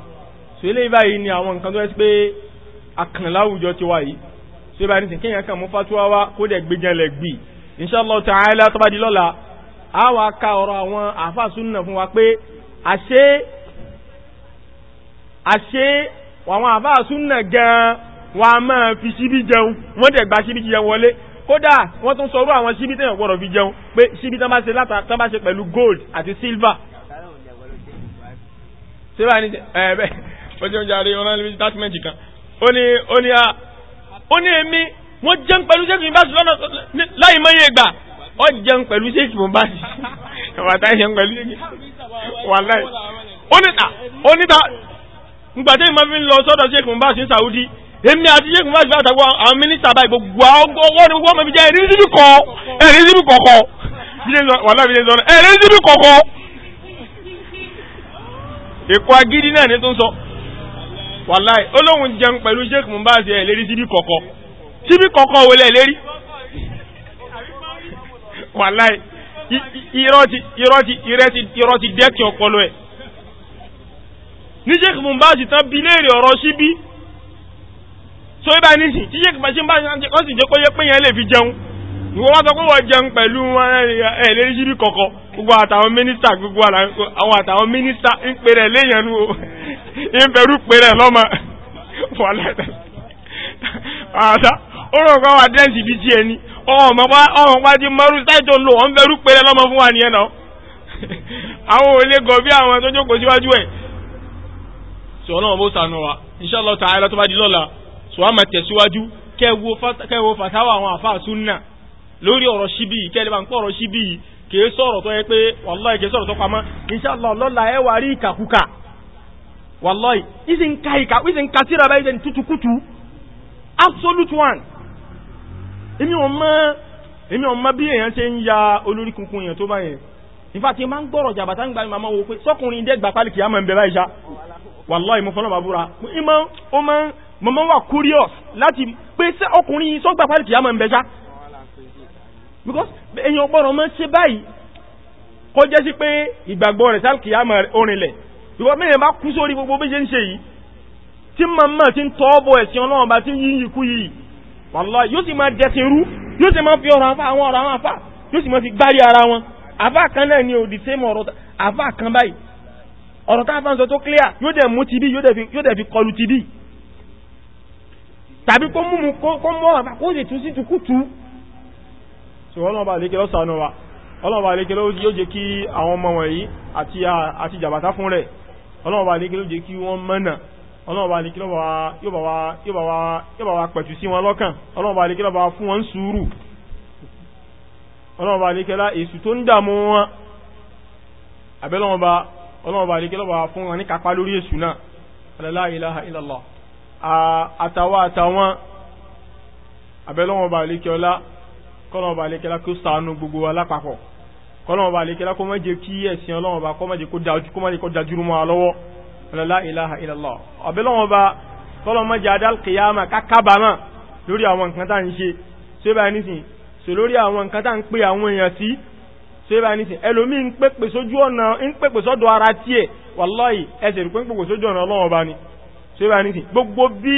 sọ inshallah ta'ala tó bá di lọ́la a wà ká ọ̀rọ̀ àwọn àfàsúnnà fún wa pé àṣé àṣé àwọn àfàsúnnà gan wọn a máa fi síbí jẹun wọ́n dẹ̀ gba síbí jẹun wọlé kódà wọ́n tún sọ̀rọ̀ àwọn síbí tẹ̀yàn gbọ́dọ̀ fi jẹun pé síbí tán bá ṣe láta bá ṣe pẹ̀lú gold àti silver. síbà ní ẹ̀ẹ́bẹ̀ ó ti ń jàre ọ̀nà lórí statement kan ó ní mo jẹun pẹ̀lú ṣéèkì bá sùn lọ́nà láì mọ́ iye gbà ọ jẹun pẹ̀lú ṣéèkì mo bá sì wàtá jẹun pẹ̀lú ṣéèkì wà láì oníta oníta ngbàtẹ́ ìmọ̀ fi ń lọ sọ́dọ̀ ṣéèkì mo bá sì ń Saudi èmi àti ṣéèkì mo bá sì bá àtàwọn àwọn mínísítà báyìí gbogbo ọwọ́ ni gbogbo ọmọ mi jẹ́ ẹ̀rí síbi kọ̀ ẹ̀rí síbi kọ̀kọ̀ ẹ̀rí síbi kọ̀kọ̀ èkó agídí náà ní tó ń sọ síbí kọ̀ọ̀kan wò lẹ̀ lérí wàláì irọ́ ti irọ́ ti irọ́ ti dẹ́kì ọpọlọ ẹ̀ ní sheik mumbazi tán bí léèrè ọ̀rọ̀ síbí so ibà nísìn tí sheik mumbazi wọ́n sì jẹ́ kó yẹ pé yẹn lè fi jẹun ìwọ́n wá sọ pé wọ́n jẹun pẹ̀lú ẹ̀ lérí síbí kọ̀ọ̀kan gbogbo àtàwọn mínísítà gbogbo àwọn àtàwọn mínísítà ọ̀rọ̀ kan wà dẹ́ǹsì bí tí ẹni ọ̀hún pa ti mọ́rú sáìtò lò ọ̀n bẹ̀rù pé lọ́mọ fún wa nìyẹn náà [laughs] àwọn olè gọ̀ bí àwọn tó jókòó síwájú ẹ̀ sọ ọlọ́run bó sànù wa inshallah ta'ala tó bá di lọ́la sọ wá máa tẹ̀síwájú kẹwo fàtáwà àwọn àfáà súnà lórí ọ̀rọ̀ síbí kẹ́lẹ́ bá ń pọ̀ ọ̀rọ̀ síbí kìí sọ̀rọ̀ tó yẹ pé wallahi kìí sọ̀rọ̀ tó pamọ́ inshallah lọ́la ẹ wà rí ìkàkùkà wallahi ìsìn ka ìkà ìsìn ka síra bá ìsìn tutukutu absolute one èmi ò mọ̀ èmi ò bí èèyàn ṣe ń ya olórí kunkun èèyàn tó báyẹn ìfà tí máa ń gbọ́rọ̀ jàbàtà ń gba ìmọ̀ wo pé sọ́kùnrin dẹ́gbà pálíkì àmọ́ ń bẹ báyìí ṣá wàláì mo fọlọ́ bàbúrà ìmọ̀ ó máa ń mo máa ń wà because èèyàn gbọ́rọ̀ máa ń ṣe báyìí kó jẹ́ sí pé ìgbàgbọ́ rẹ̀ sálkì àmọ́ orinlẹ̀ because mẹ́rin bá ti ń tọ́ ẹ̀sìn ọlọ́run bá ti kú yìí wàlọ́ yóò sì máa jẹsìn rú yóò sì máa fi ọ̀rọ̀ afá àwọn ọ̀rọ̀ àwọn afá yóò sì máa fi gbárí ara wọn afá kan náà ni òdì sẹ́mu ọ̀rọ̀ afá kan báyìí ọ̀rọ̀ tá a fà ń sọ tó clear yóò dẹ̀ mú ti bí yóò dẹ̀ fi kọlu ti bí tàbí kó mú kó mú ọ̀rọ̀ afá kó sì tú sí tukutu. ṣùgbọ́n ọlọ́ọ̀bà àlékelé ọ̀sán wa ọlọ́ọ̀bà àlékelé yóò jẹ́ kí àwọn ọmọ wọ̀nyí àti àti jàbàtà fún rẹ̀ ọlọ́ọ̀bà àlékelé yóò jẹ́ kí wọ́n mọ̀nà ọlọ́run bá alikí lọ́wọ́ yóò bá wa pẹ̀tù sí wọn lọ́kàn ọlọ́run bá alikí lọ́wọ́ fún wọn sùúrù ọlọ́run bá alikí lọ́wọ́ èsù tó ń dààmú wọn àbẹ́lọ́wọ́n bá ọlọ́run bá alikí lọ́wọ́ fún wọn ní kápá lórí èsù náà la ilaha illallah àtàwọn àtàwọn àbẹ́lọ́wọ́n bá alikí ọlá kọ́lọ́wọ́n bá alikí lọ́wọ́ kó ṣàánú gbogbo wa lápapọ̀ kọ́lọ́wọ́n bá alikí lọ́wọ́ kó má jẹ́ kí ẹ̀sìn ọlọ́run bá kó má jẹ́ kó dájú mọ́ wa lọ́wọ́ la ilaha illallah ọ̀bẹ́lọ́wọ́n bá tọ́lọ́mọ́ jẹ́ adálkìyàmà kákábàmà lórí àwọn nǹkan tá ń ṣe tí ó bá nísìn so lórí àwọn nǹkan tá ń pè àwọn èèyàn sí tí ó bá nísìn ẹlòmí ń pèpè sójú ọ̀nà ń pèpè sọ́dọ̀ ara tí ẹ̀ wàláì ẹsẹ̀ rí pé ń pèpè sójú ọ̀nà ọlọ́wọ́n bá ni tí ó bá nísìn gbogbo bí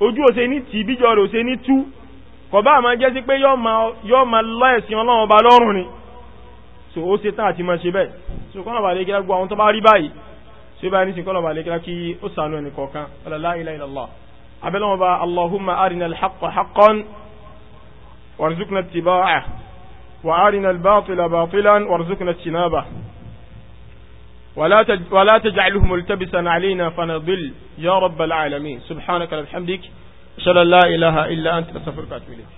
ojú òṣe ní tì bíjọ rẹ̀ òṣe ní tú kò bá máa jẹ́ sí pé yọ́ máa lọ ẹ̀sìn ọlọ́wọ́n lọ́rùn ni so ó ṣe tán àti máa ṣe bẹ́ẹ̀ so kọ́nà bàlẹ́ kí lágbó àwọn tó bá rí báyìí ṣé ni níṣẹ́ kọ́lọ̀ bá lè kíra kí ó sànú ẹnì kọ̀ọ̀kan ọ̀là la ilaha illallah abẹ́lẹ́wọ̀n bá allahumma arina alhaqqa haqqan warzuqna ittiba'ah wa arina albatila batilan warzuqna ijtinabah ولا تجعله ملتبسا علينا فنضل يا رب العالمين سبحانك وبحمدك اشهد ان لا اله الا انت استغفرك واتوب اليك